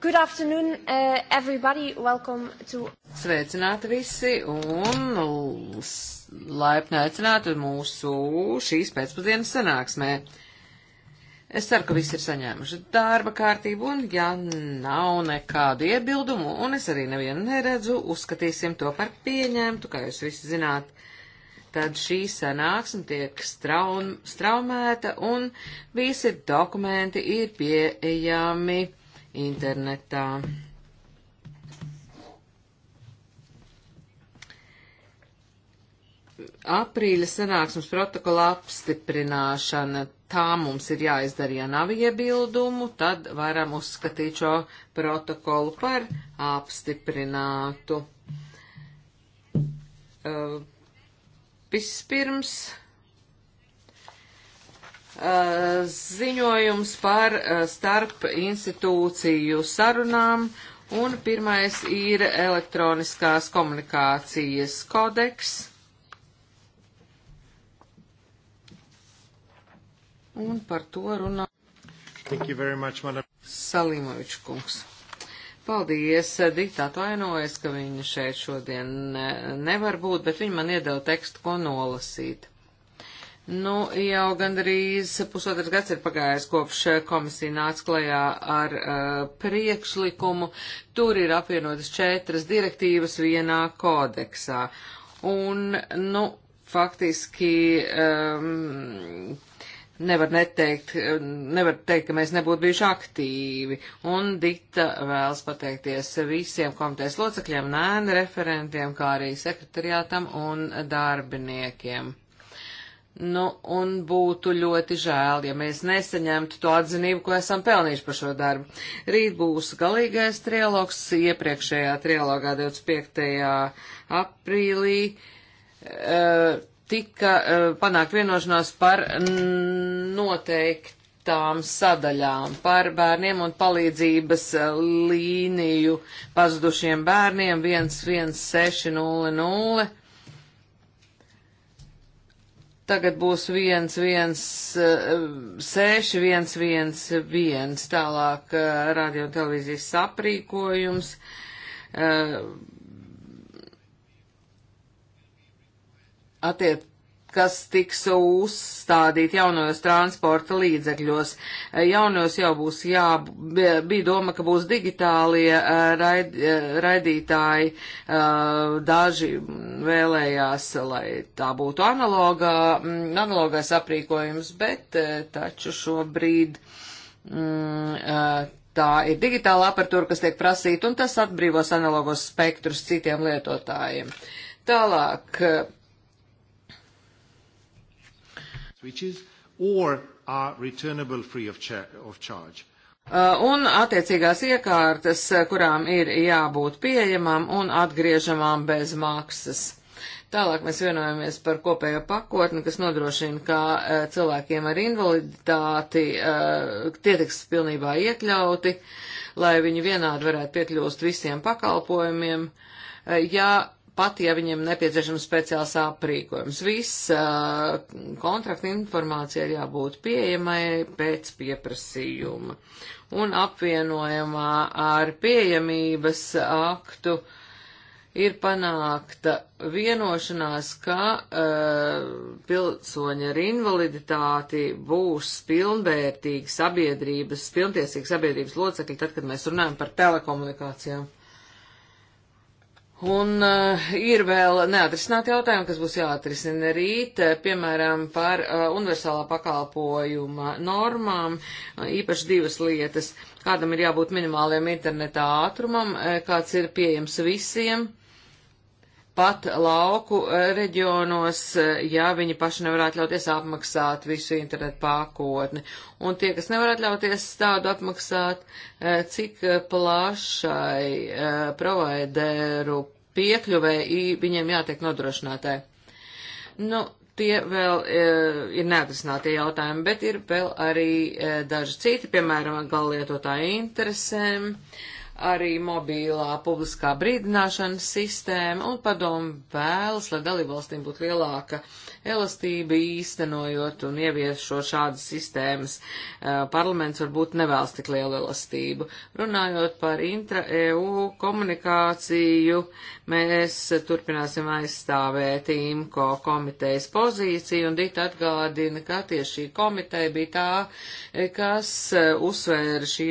Good afternoon, uh, everybody. Welcome to. Sveicināti visi un laipni aicināti mūsu šīs pēcpusdienas sanāksmē. Es ceru, ka visi ir saņēmuši darba kārtību un, ja nav nekādu iebildumu, un es arī nevienu neredzu, uzskatīsim to par pieņemtu, kā jūs visi zināt. Tad šī sanāksme tiek straum, straumēta un visi dokumenti ir pieejami internetā. aprīļa sanāksmes protokola apstiprināšana, tā mums ir jāizdara, ja nav iebildumu, tad varam uzskatīt šo protokolu par apstiprinātu. Uh, vispirms. Uh, Uh, ziņojums par uh, starp institūciju sarunām, un pirmais ir elektroniskās komunikācijas kodeks. Un par to runā much, Salimovičs kungs. Paldies, Dita atvainojas, ka viņa šeit šodien eh, nevar būt, bet viņa man iedeva tekstu, ko nolasīt. Nu, jau gandrīz pusotras gads ir pagājis kopš eh, komisija nāca klajā ar uh, priekšlikumu. Tur ir apvienotas četras direktīvas vienā kodeksā. Un, nu, faktiski um, nevar neteikt, nevar teikt, ka mēs nebūtu bijuši aktīvi. Un Dita vēlas pateikties visiem komitejas locekļiem, nēna referentiem, kā arī sekretariātam un darbiniekiem. Nu, un būtu ļoti žēl, ja mēs nesaņemtu to atzinību, ko esam pelnījuši par šo darbu. Rīt būs galīgais trialogs, iepriekšējā trialogā 25. aprīlī eh, tika eh, panākt vienošanās par noteiktām sadaļām, par bērniem un palīdzības eh, līniju pazudušiem bērniem 11600 Tagad būs 1, 1, 6, 1, 1, 1. Tālāk eh, radio un televīzijas aprīkojums. Eh, attiec, kas tiks uzstādīt jaunajos transporta līdzekļos. Eh, jaunajos jau būs, jā, bija doma, ka būs digitālie eh, raid, eh, raidītāji, daži vēlējās, lai tā būtu analogā, mm, analogais aprīkojums, bet taču šobrīd. Mm, tā ir digitāla apertūra, kas tiek prasīta, un tas atbrīvos analogos spektrus citiem lietotājiem. Tālāk, which is or are returnable free of, cha of charge. Uh, un attiecīgās iekārtas, uh, kurām ir jābūt pieejamām un atgriežamām bez maksas. Tālāk mēs vienojamies par kopējo pakotni, kas nodrošina, ka uh, cilvēkiem ar invaliditāti tie tiks pilnībā iekļauti, lai viņi vienādi varētu piekļūst visiem pakalpojumiem. Ja pat ja viņiem nepieciešams speciāls aprīkojums. Viss uh, kontrakta informācija ir jābūt pieejamai pēc pieprasījuma un apvienojamā ar pieejamības aktu ir panākta vienošanās, ka uh, pilsoņi ar invaliditāti būs pilnvērtīgi sabiedrības, pilntiesīgi sabiedrības locekļi, tad, kad mēs runājam par telekomunikācijām. Un uh, ir vēl neatrisināti jautājumi, kas būs jāatrisina rīt, eh, piemēram, par uh, universālā pakalpojuma normām, uh, īpaši divas lietas. Kādam ir jābūt minimālajam interneta ātrumam, uh, kāds ir pieejams visiem, uh, pat lauku eh, reģionos, eh, ja viņi paši nevar atļauties apmaksāt visu internetu pakotni. Un tie, kas nevar atļauties tādu apmaksāt, eh, cik plašai provideru piekļuvē viņiem jātiek nodrošinātai. Nu, tie vēl e, ir neatrisinātie jautājumi, bet ir vēl arī e, daži citi, piemēram, galvlietotāju interesēm. E, arī mobīlā publiskā brīdināšanas sistēma un padomu vēlas, lai dalībvalstīm būtu lielāka elastība īstenojot un ieviešot šādas sistēmas. Eh, parlaments varbūt nevēlas tik lielu elastību. Runājot par intra-EU komunikāciju, mēs turpināsim aizstāvēt IMCO komitejas pozīciju un Dita atgādina, ka tieši šī komiteja bija tā, eh, kas eh, uzsvēra šī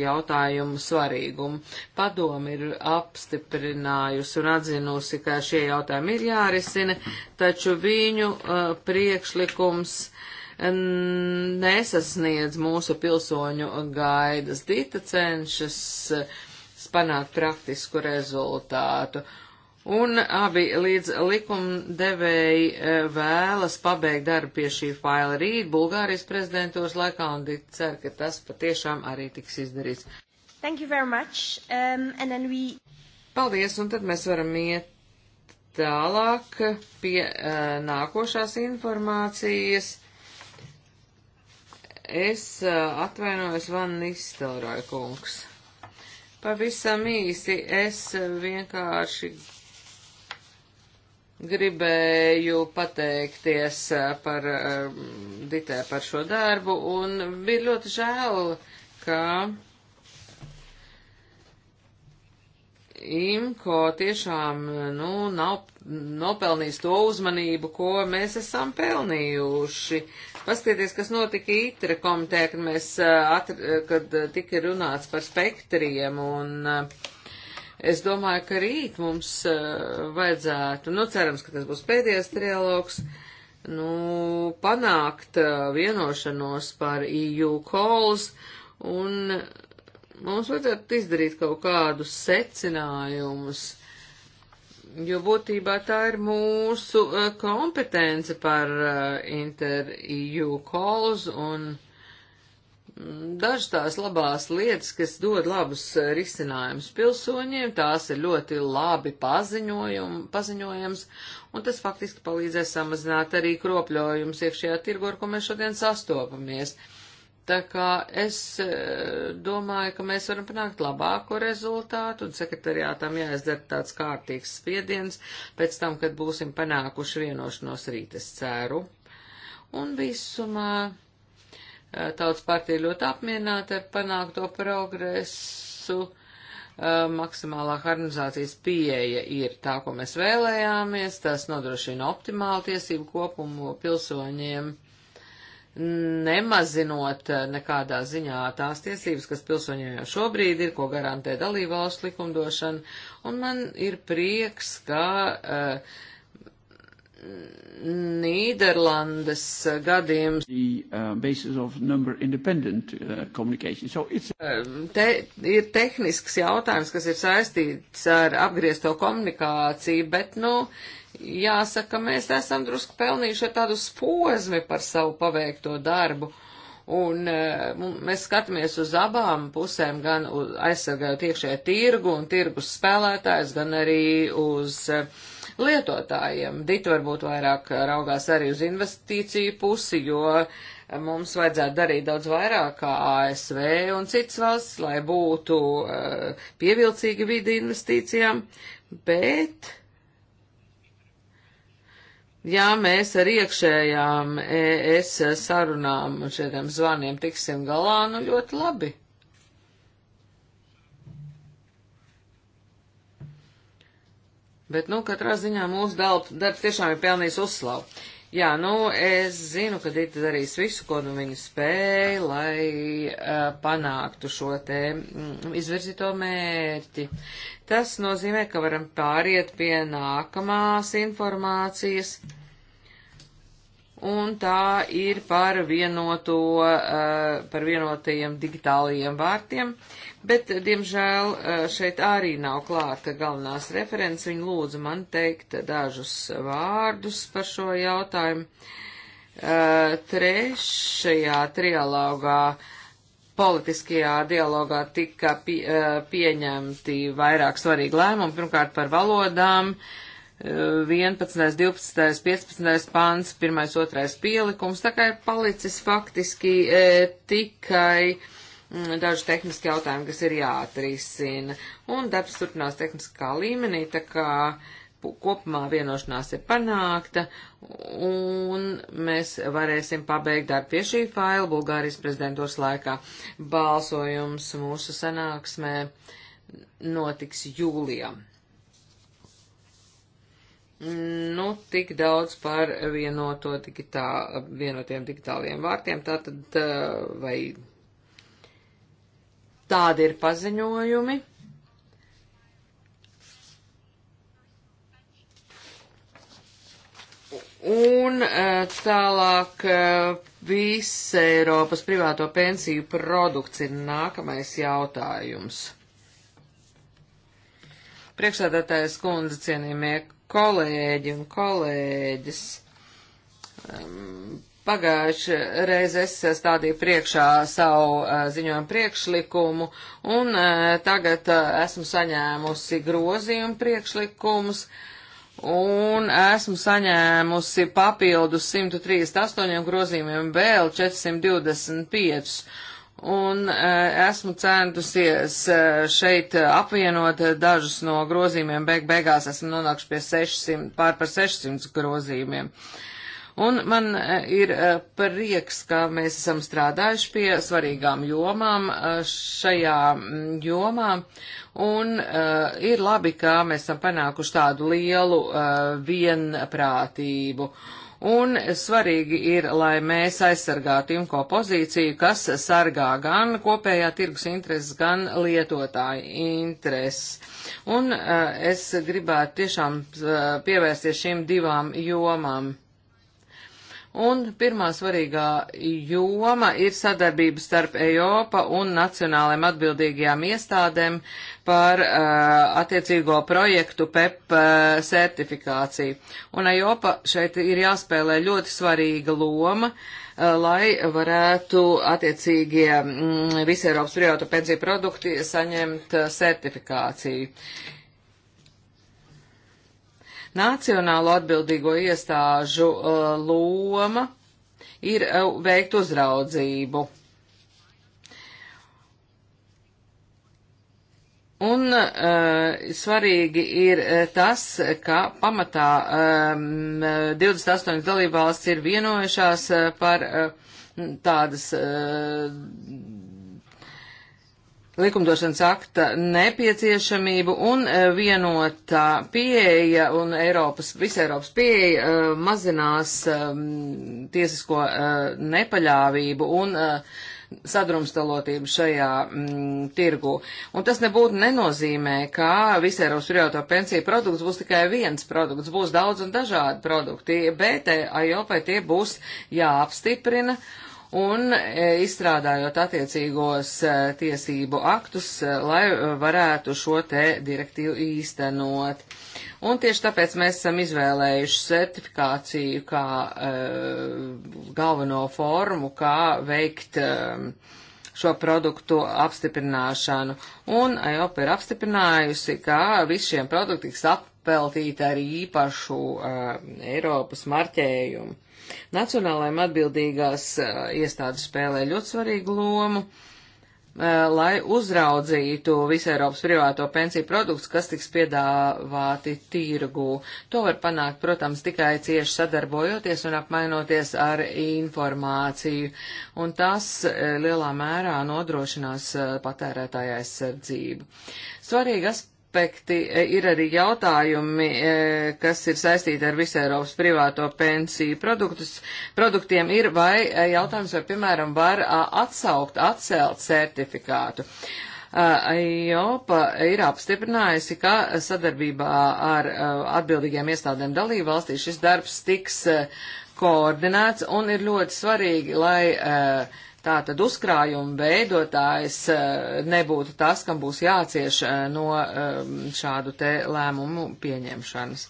jautājumu svarīgu nolīgumu. Padomi ir apstiprinājusi un atzinusi, ka šie jautājumi ir jārisina, taču viņu uh, priekšlikums nesasniedz mūsu pilsoņu gaidas. Dita cenšas uh, panākt praktisku rezultātu. Un abi līdz likumdevēji uh, vēlas pabeigt darbu pie šī faila rīt Bulgārijas prezidentūras laikā un cer, ka tas patiešām arī tiks izdarīts. Thank you very much. Um, and then we... Paldies, un tad mēs varam iet tālāk pie uh, nākošās informācijas. Es uh, atvainojos, Van Nistelrāja kungs. Pavisam īsi, es vienkārši gribēju pateikties uh, par uh, Ditē par šo darbu, un bija ļoti žēl, ka uh, IMCO tiešām, nu, nav nopelnījis to uzmanību, ko mēs esam pelnījuši. Paskatieties, kas notika ITRE komitē, kad mēs, kad tika runāts par spektriem un es domāju, ka rīt mums vajadzētu, nu, cerams, ka tas būs pēdējais trialogs nu, panākt vienošanos par EU calls un Mums vajadzētu izdarīt kaut kādus secinājumus, jo būtībā tā ir mūsu eh, kompetence par eh, inter-EU calls un mm, dažas tās labās lietas, kas dod labus eh, risinājumus pilsoņiem, tās ir ļoti labi paziņojams, un tas faktiski palīdzēs samazināt arī kropļojumus iekšējā tirgu, ar ko mēs šodien sastopamies. Uh, Tā kā es e, domāju, ka mēs varam panākt labāko rezultātu, un sekretariātam jāizdara tāds kārtīgs spiediens pēc tam, kad būsim panākuši vienošanos rīt, es ceru. Un visumā e, tautas partija ļoti apmierināta ar panākto progresu. E, maksimālā harmonizācijas pieeja ir tā, ko mēs vēlējāmies. Tas nodrošina optimālu tiesību kopumu pilsoņiem nemazinot eh, nekādā ziņā tās tiesības, kas pilsoņiem jau šobrīd ir, ko garantē dalībvalsts likumdošana, un man ir prieks, ka uh, Nīderlandes gadījums The, uh, uh so eh, Te, ir tehnisks jautājums, kas ir saistīts ar apgriezto komunikāciju, bet, nu, uh, jāsaka, mēs esam drusku pelnījuši tādu spožmi par savu paveikto darbu. Un e, mēs skatāmies uz abām pusēm, gan uz aizsargājot iekšējā tirgu un tirgus spēlētājs, gan arī uz e, lietotājiem. Dita varbūt vairāk raugās arī uz investīciju pusi, jo mums vajadzētu darīt daudz vairāk kā ASV un citas valsts, lai būtu e, pievilcīga vidi investīcijām, bet Ja mēs ar iekšējām ES sarunām un šiem zvaniem tiksim galā, nu ļoti labi. Bet, nu, katrā ziņā mūsu darbs tiešām ir pelnījis uzslavu. Jā, nu es zinu, ka Dita darīs visu, ko nu viņa spēja, lai uh, panāktu šo te mm, izvirzīto mērķi. Tas nozīmē, ka varam pāriet pie nākamās informācijas. Un tā ir par, vienoto, uh, par vienotajiem digitālajiem vārtiem. Uh, Bet, diemžēl, eh, šeit arī nav klāta galvenās referents. Viņa lūdza man teikt dažus vārdus par šo jautājumu. Eh, trešajā trialogā, politiskajā dialogā tika eh, pieņemti vairāk svarīgi lēmumi. Pirmkārt par valodām. 11, 12, 15 pāns, 1, 2 pielikums, tā kā ir palicis faktiski e, tikai Mm, daži tehniski jautājumi, kas ir jāatrisina, un darbs turpinās tehniskā līmenī, tā kā kopumā vienošanās ir panākta, un mēs varēsim pabeigt darbu pie šī faila Bulgārijas prezidentūras laikā. Balsojums mūsu sanāksmē notiks jūlijā. Nu, tik daudz par vienoto digitā, vienotiem digitāliem vārtiem, tātad vai Tādi ir paziņojumi. Un eh, tālāk eh, visa Eiropas privāto pensiju produkts ir nākamais jautājums. Priekšsēdētājs kundze, cienījamie kolēģi un kolēģis, ehm, Pagājuši reiz es eh, stādīju priekšā savu eh, ziņojumu priekšlikumu, un eh, tagad esmu saņēmusi grozījumu priekšlikumus, un esmu saņēmusi papildus 138 grozījumiem vēl 425. Un esmu centusies šeit apvienot dažus no grozījumiem, beig beigās esmu nonākuši pie 600, pār par 600 grozījumiem. Uh, Un man e, ir e, prieks, ka mēs esam strādājuši pie svarīgām jomām e, šajā jomā, un ir labi, ka mēs esam panākuši tādu lielu vienprātību. Un svarīgi ir, lai mēs aizsargātu imko pozīciju, kas sargā gan kopējā tirgus intereses, gan lietotāju intereses. Un es gribētu tiešām pievērsties šīm divām jomām. Un pirmā svarīgā joma ir sadarbība starp EIOPA un nacionālajiem atbildīgajām iestādēm par uh, attiecīgo projektu PEP uh, e eh, certifikāciju. Un EIOPA šeit ir jāspēlē ļoti svarīga loma, uh, lai varētu attiecīgie mm, visi Eiropas privātu pensiju produkti saņemt uh, certifikāciju. Nacionālo atbildīgo iestāžu uh, loma ir uh, veikt uzraudzību. Un uh, svarīgi ir uh, tas, ka pamatā um, 28 dalībvalsts ir vienojušās par uh, tādas uh, likumdošanas akta nepieciešamību un e, vienotā pieeja un Eiropas, visa Eiropas pieeja e, mazinās e, tiesisko nepaļāvību un sadrumstalotību šajā mm, tirgu. Un tas nebūtu nenozīmē, ka visai Eiropas privāto pensiju produkts būs tikai viens produkts, būs daudz un dažādi produkti, bet AIOPai tie būs jāapstiprina. Uh, un e, izstrādājot attiecīgos e, tiesību aktus, e, lai varētu šo te direktīvu īstenot. Un tieši tāpēc mēs esam izvēlējuši certifikāciju kā e, galveno formu, kā veikt e, šo produktu apstiprināšanu. Un AOP ir apstiprinājusi, ka visiem produktiem tiks apveltīta ar īpašu e, Eiropas marķējumu. Nacionālajiem atbildīgās iestādes spēlē ļoti svarīgu lomu, lai uzraudzītu visu Eiropas privāto pensiju produktus, kas tiks piedāvāti tirgū. To var panākt, protams, tikai cieši sadarbojoties un apmainoties ar informāciju, un tas lielā mērā nodrošinās patērētāja aizsardzību. Svarīgas aspekti e, ir arī jautājumi, e, kas ir saistīti ar visu Eiropas privāto pensiju produktus. Produktiem ir vai e, jautājums, vai, piemēram, var atsaukt, atcelt certifikātu. Jopa ir apstiprinājusi, ka sadarbībā ar atbildīgiem iestādēm dalību valstī šis darbs tiks koordinēts un ir ļoti svarīgi, lai uh, Tātad uzkrājuma veidotājs eh, nebūtu tas, kam būs jācieš eh, no eh, šādu te lēmumu pieņemšanas.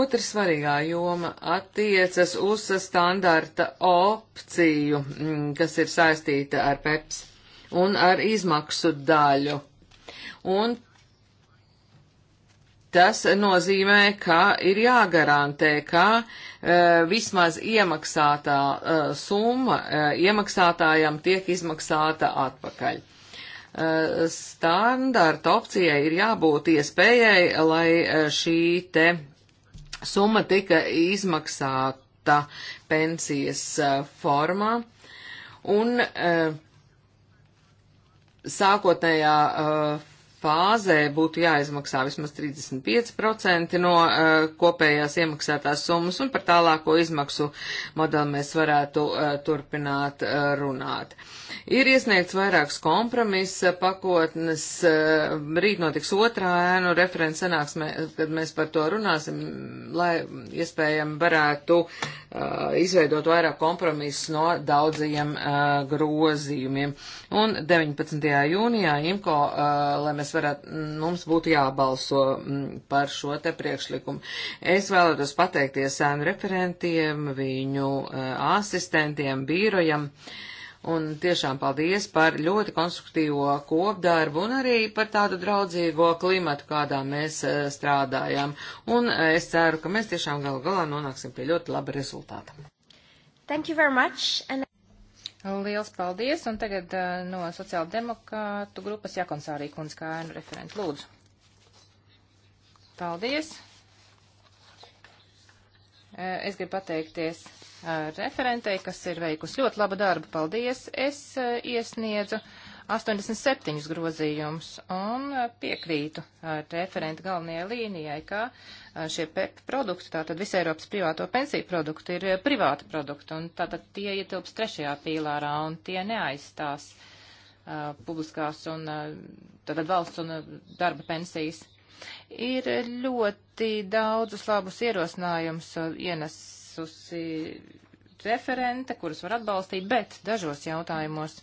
Otra svarīgā joma attiecas uz standarta opciju, mm, kas ir saistīta ar PEPS un ar izmaksu daļu. Un Tas nozīmē, ka ir jāgarantē, ka e, vismaz iemaksātā e, summa e, iemaksātājam tiek izmaksāta atpakaļ. E, standarta opcijai ir jābūt iespējai, lai e, šī te summa tika izmaksāta pensijas e, formā. Un e, sākotnējā e, fāzē būtu jāizmaksā vismaz 35% no uh, kopējās iemaksātās summas, un par tālāko izmaksu modeli mēs varētu uh, turpināt uh, runāt. Ir iesniegts vairākas kompromisa pakotnes, uh, rīt notiks otrā ēnu referents sanāksme, kad mēs par to runāsim, lai iespējami varētu uh, izveidot vairāk kompromisu no daudzajiem uh, grozījumiem. Un 19. jūnijā IMCO, uh, lai mēs varētu, mums būtu jābalso mm, par šo te priekšlikumu. Es vēlētos pateikties sēnu referentiem, viņu e, asistentiem, bīrojam. Un tiešām paldies par ļoti konstruktīvo kopdarbu un arī par tādu draudzīgo klimatu, kādā mēs e, strādājam. Un e, es ceru, ka mēs tiešām galu galā nonāksim pie ļoti laba rezultāta. Thank you very much. And Liels paldies, un tagad uh, no sociāla demokrātu grupas Jakonsārī kundze kā ēnu referents. Lūdzu. Paldies. Uh, es gribu pateikties uh, referentei, kas ir veikusi ļoti labu darbu. Paldies. Es iesniedzu 87 grozījumus un piekrītu referenta galvenajai līnijai, ka uh, Eh, šie PEP produkti, tātad visa Eiropas privāto pensiju produkti ir eh, privāti produkti, un tātad tie ietilps trešajā pīlārā, un tie neaizstās uh, publiskās un uh, tātad valsts un uh, darba pensijas. Ir ļoti daudzus labus ierosinājumus ienesusi referente, kurus var atbalstīt, bet dažos jautājumos,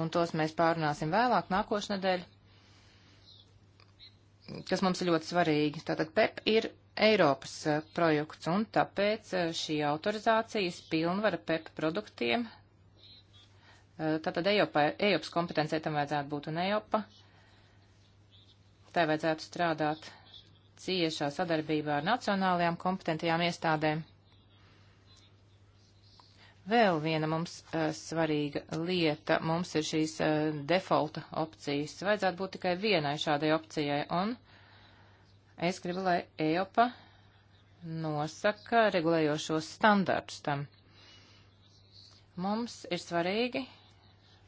un tos mēs pārunāsim vēlāk nākošnedēļ kas mums ir ļoti svarīgi. Tātad PEP ir Eiropas uh, projekts, un tāpēc uh, šī autorizācijas pilnvara PEP produktiem, uh, tātad Eiropa, Eiropas kompetencija tam vajadzētu būt un Eiropa, tai vajadzētu strādāt ciešā sadarbībā ar nacionālajām kompetentajām iestādēm. Vēl viena mums uh, svarīga lieta mums ir šīs uh, defaulta opcijas. Vajadzētu būt tikai vienai šādai opcijai, un es gribu, lai EOPA nosaka regulējošos standartus tam. Mums ir svarīgi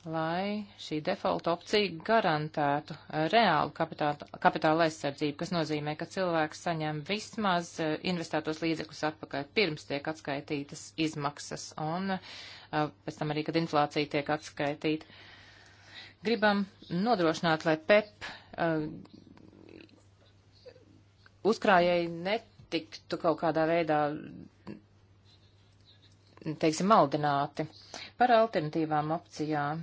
lai šī default opcija garantētu reālu kapitāla, kapitāla aizsardzību, kas nozīmē, ka cilvēks saņem vismaz eh, investētos līdzekļus atpakaļ pirms tiek atskaitītas izmaksas un eh, pēc tam arī, kad inflācija tiek atskaitīta. Gribam nodrošināt, lai PEP eh, uzkrājēji netiktu kaut kādā veidā teiksim, maldināti par alternatīvām opcijām,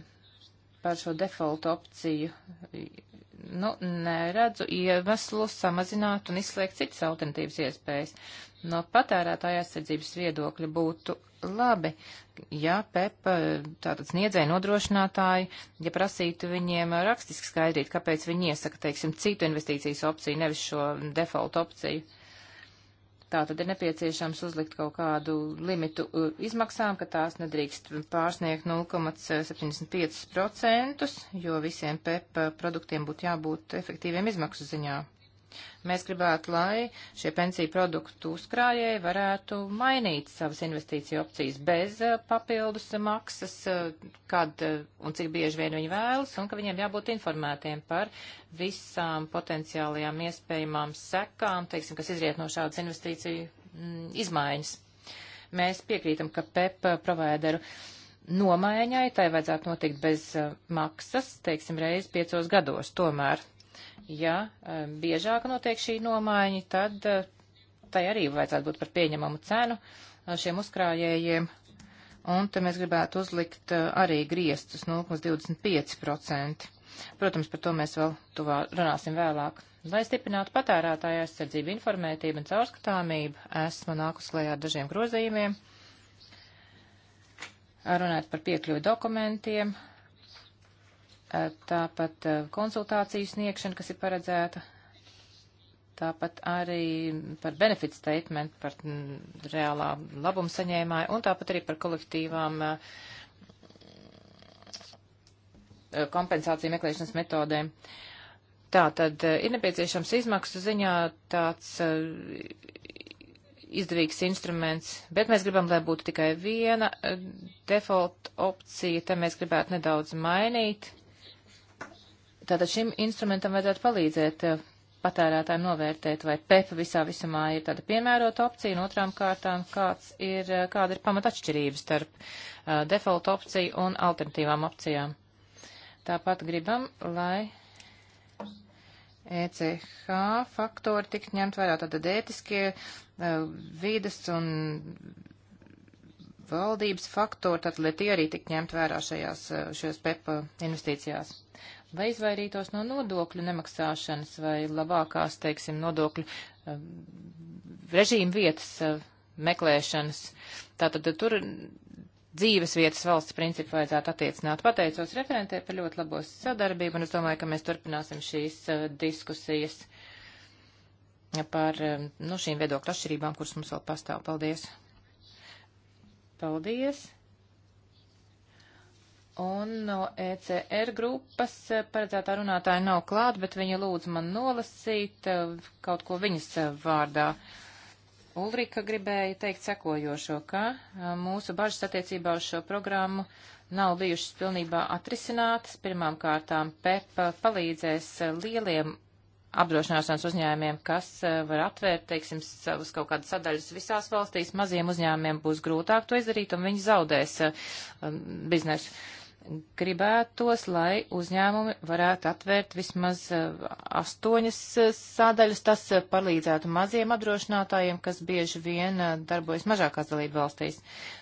par šo default opciju. Nu, neredzu iemeslu samazināt un izslēgt citas alternatīvas iespējas. No patērētāja aizsardzības viedokļa būtu labi, ja PEP, tātad sniedzēja nodrošinātāji, ja prasītu viņiem rakstiski skaidrīt, kāpēc viņi iesaka, teiksim, citu investīcijas opciju, nevis šo default opciju. Uh, Tā tad ir nepieciešams uzlikt kaut kādu limitu uh, izmaksām, ka tās nedrīkst pārsniegt 0,75%, jo visiem PEP produktiem būtu jābūt efektīviem izmaksu ziņā. Mēs gribētu, lai šie pensiju produktu uzkrājēji varētu mainīt savas investīciju opcijas bez eh, papildus maksas, eh, kad eh, un cik bieži vien viņi vēlas, un ka viņiem jābūt informētiem par visām potenciālajām iespējamām sekām, teiksim, kas izriet no šādas investīciju mm, izmaiņas. Mēs piekrītam, ka PEP provideru nomaiņai tai vajadzētu notikt bez maksas, teiksim, reiz piecos gados tomēr ja e, biežāk notiek šī nomaiņa, tad e, tai arī vajadzētu būt par pieņemamu cenu e, šiem uzkrājējiem. Un te mēs gribētu uzlikt arī griestus 0,25%. Protams, par to mēs vēl tuvā runāsim vēlāk. Lai stiprinātu patērētāju aizsardzību, informētību un caurskatāmību, esmu nākus klajā ar dažiem grozījumiem, runāt par piekļuvi dokumentiem, tāpat eh, konsultāciju sniegšana, kas ir paredzēta, tāpat arī par benefit statement, par mm, reālā labuma saņēmāju un tāpat arī par kolektīvām eh, kompensāciju meklēšanas metodēm. Tā tad eh, ir nepieciešams izmaksu ziņā tāds izdevīgs instruments, bet mēs gribam, lai būtu tikai viena default opcija, te mēs gribētu nedaudz mainīt Tātad šim instrumentam vajadzētu palīdzēt eh, patērētājiem novērtēt, vai PEP e visā visumā ir tāda piemērota opcija, un otrām kārtām, kāds ir, eh, kāda ir pamata atšķirības starp uh, default opciju un alternatīvām opcijām. Tāpat gribam, lai ECH faktori tiks ņemt vērā, tātad ētiskie, uh, vides un valdības faktori, tad, lai tie arī tik ņemt vērā šajās, šajās PEP investīcijās. Lai izvairītos no nodokļu nemaksāšanas vai labākās, teiksim, nodokļu um, režīmu vietas uh, meklēšanas, tātad uh, tur dzīves vietas valsts principu vajadzētu attiecināt. Pateicos referentē par ļoti labo sadarbību, un es domāju, ka mēs turpināsim šīs uh, diskusijas par um, nu, šīm viedokļu atšķirībām, kuras mums vēl pastāv. Paldies! Paldies! Un no ECR grupas eh, paredzētā runātāja nav klāt, bet viņa lūdz man nolasīt eh, kaut ko viņas eh, vārdā. Ulrika gribēja teikt sekojošo, ka mūsu bažas attiecībā uz šo programmu nav bijušas pilnībā atrisinātas. Pirmām kārtām PEP palīdzēs lieliem apdrošināšanas uzņēmiem, kas eh, var atvērt, teiksim, savus kaut kādas sadaļas visās valstīs. Maziem uzņēmiem būs grūtāk to izdarīt, un viņi zaudēs eh, um, biznesu. Gribētos, lai uzņēmumi varētu atvērt vismaz eh, astoņas sadaļas. Tas palīdzētu maziem apdrošinātājiem, kas bieži vien darbojas mažākās dalību valstīs.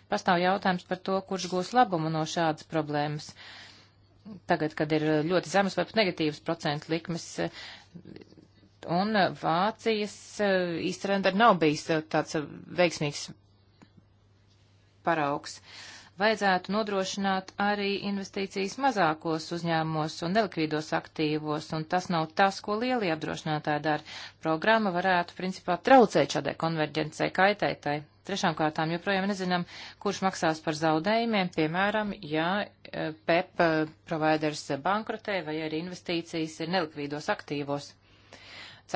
Pastāv jautājums par to, kurš gūs labumu no šādas problēmas. Tagad, kad ir ļoti zemes vai pat negatīvas procentu likmes, uh, Un Vācijas e, īstenībā nav bijis e, tāds e, veiksmīgs paraugs. Vajadzētu nodrošināt arī investīcijas mazākos uzņēmumos un nelikvīdos aktīvos, un tas nav tas, ko lielie apdrošinātāji dara. Programma varētu, principā, traucēt šādai konverģencei kaitētai. Trešām kārtām joprojām nezinām, kurš maksās par zaudējumiem, piemēram, ja e, PEP e, providers bankrotē vai arī investīcijas ir nelikvīdos aktīvos.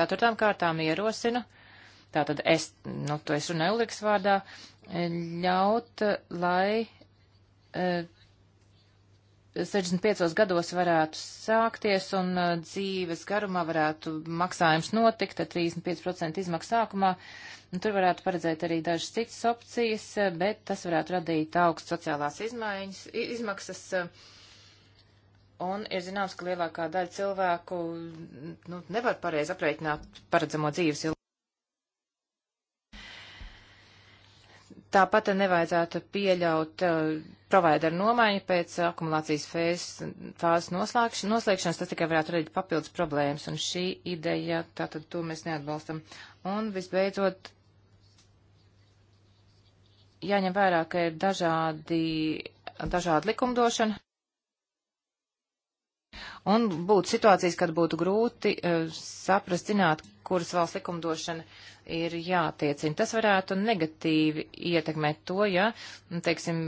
Ceturtām kārtām ierosinu, tātad es, nu, to es runāju Ulriks vārdā, ļaut, lai e, 65 gados varētu sākties un uh, dzīves garumā varētu maksājums notikt ar 35% izmaksu sākumā. Un tur varētu paredzēt arī dažas citas opcijas, uh, bet tas varētu radīt augstu sociālās izmaiņas, izmaksas. Uh, un ir zināms, ka lielākā daļa cilvēku nu, nevar pareizi aprēķināt paredzamo dzīves ilgumu. Tāpat nevajadzētu pieļaut uh, provideru nomaiņu pēc uh, akumulācijas fēzes, fāzes noslēgšanas. Tas tikai varētu radīt papildus problēmas, un šī ideja, tātad to mēs neatbalstam. Un visbeidzot, jāņem vērā, ka ir dažādi, dažādi likumdošana. Un būtu situācijas, kad būtu grūti uh, saprast, zināt, kuras valsts likumdošana ir jātiecina. Tas varētu negatīvi ietekmēt to, ja, nu, teiksim,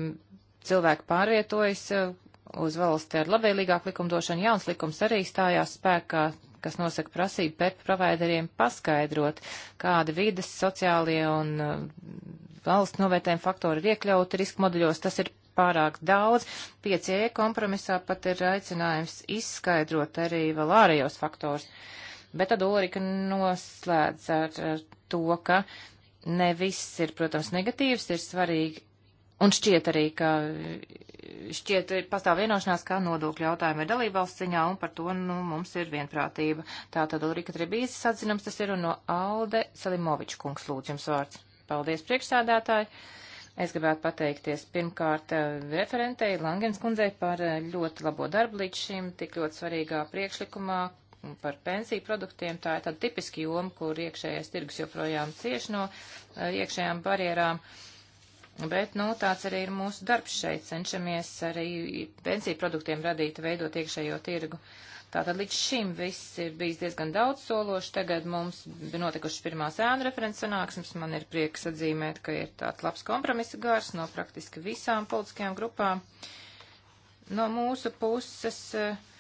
cilvēki pārvietojas uh, uz valsti ar labvēlīgāku likumdošanu. Jauns likums arī stājās spēkā, kas nosaka prasību pēc provideriem paskaidrot, kāda vides, sociālie un uh, valsts novērtējuma faktori ir iekļauti riska modeļos. Tas ir pārāk daudz. 5E kompromisā pat ir aicinājums izskaidrot arī vēl ārējos faktors. Bet tad Ulrika noslēdz ar, ar to, ka ne viss ir, protams, negatīvs, ir svarīgi. Un šķiet arī, ka šķiet pastāv vienošanās, ka nodokļu jautājumi ir dalībvalsts ziņā, un par to nu, mums ir vienprātība. Tātad Ulrika Trebīzes atzinums tas ir, un no Alde Salimoviča kungs lūdz jums vārds. Paldies, priekšsēdētāji! Uh, Es gribētu pateikties pirmkārt eh, referentei Langens kundzei par eh, ļoti labo darbu līdz šim, tik ļoti svarīgā priekšlikumā par pensiju produktiem. Tā ir tāda tipiska joma, kur iekšējais tirgus joprojām cieši no eh, iekšējām barjerām. Bet, nu, tāds arī ir mūsu darbs šeit. Cenšamies arī pensiju produktiem radīt, veidot iekšējo tirgu. Uh, Tātad līdz šim viss ir bijis diezgan daudz sološi. Tagad mums ir notikušas pirmās ēnu referents sanāksmes. Man ir prieks atzīmēt, ka ir tāds labs kompromisa gars no praktiski visām politiskajām grupām. No mūsu puses. Uh,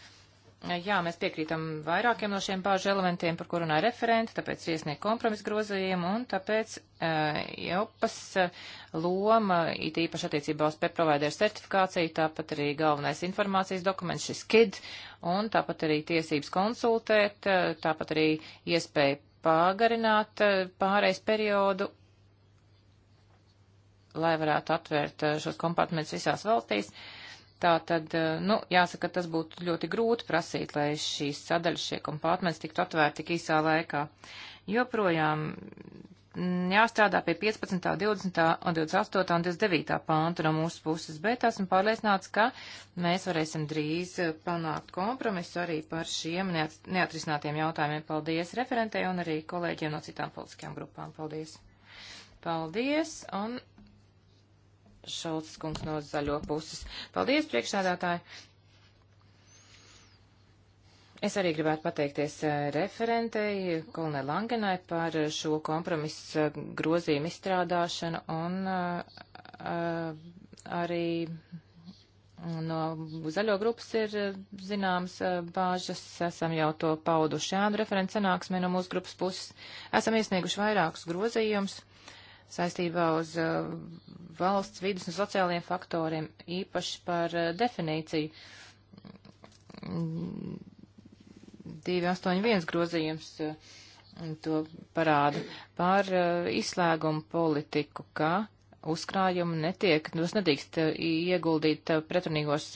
Jā, mēs piekrītam vairākiem no šiem bāžu elementiem, par kuriem runāja referenti, tāpēc iesniegt kompromisu grozījumu un tāpēc eh, jopas uh, loma, it īpaši attiecībā uz pet provideru certifikāciju, tāpat arī galvenais informācijas dokuments, šis KID, un tāpat arī tiesības konsultēt, eh, tāpat arī iespēja pāgarināt pārējais periodu, lai varētu atvērt šos kompartmentus visās valstīs. Uh, Tā tad, eh, nu, jāsaka, tas būtu ļoti grūti prasīt, lai šīs sadaļas, šie kompātments tiktu atvērti tik īsā laikā. Joprojām mm, jāstrādā pie 15., 20., un 28. un 29. pānta no mūsu puses, bet esmu pārliecināts, ka mēs varēsim drīz eh, panākt kompromisu arī par šiem neatrisinātiem jautājumiem. Paldies referentei un arī kolēģiem no citām politiskajām grupām. Paldies! Paldies! Un Šalts kungs no zaļo puses. Paldies, priekšsādātāji! Es arī gribētu pateikties eh, referentei Kolne Langenai par šo kompromisu eh, grozījumu izstrādāšanu un eh, arī no zaļo grupas ir zināms bāžas. Esam jau to pauduši ēnu referents sanāksmē no mūsu grupas puses. Esam iesnieguši vairākus grozījumus saistībā uz uh, valsts vidus un sociālajiem faktoriem, īpaši par uh, definīciju. 281 grozījums uh, to parāda par uh, izslēgumu politiku, ka uzkrājumi netiek, tos nedrīkst uh, ieguldīt uh, pretrunīgos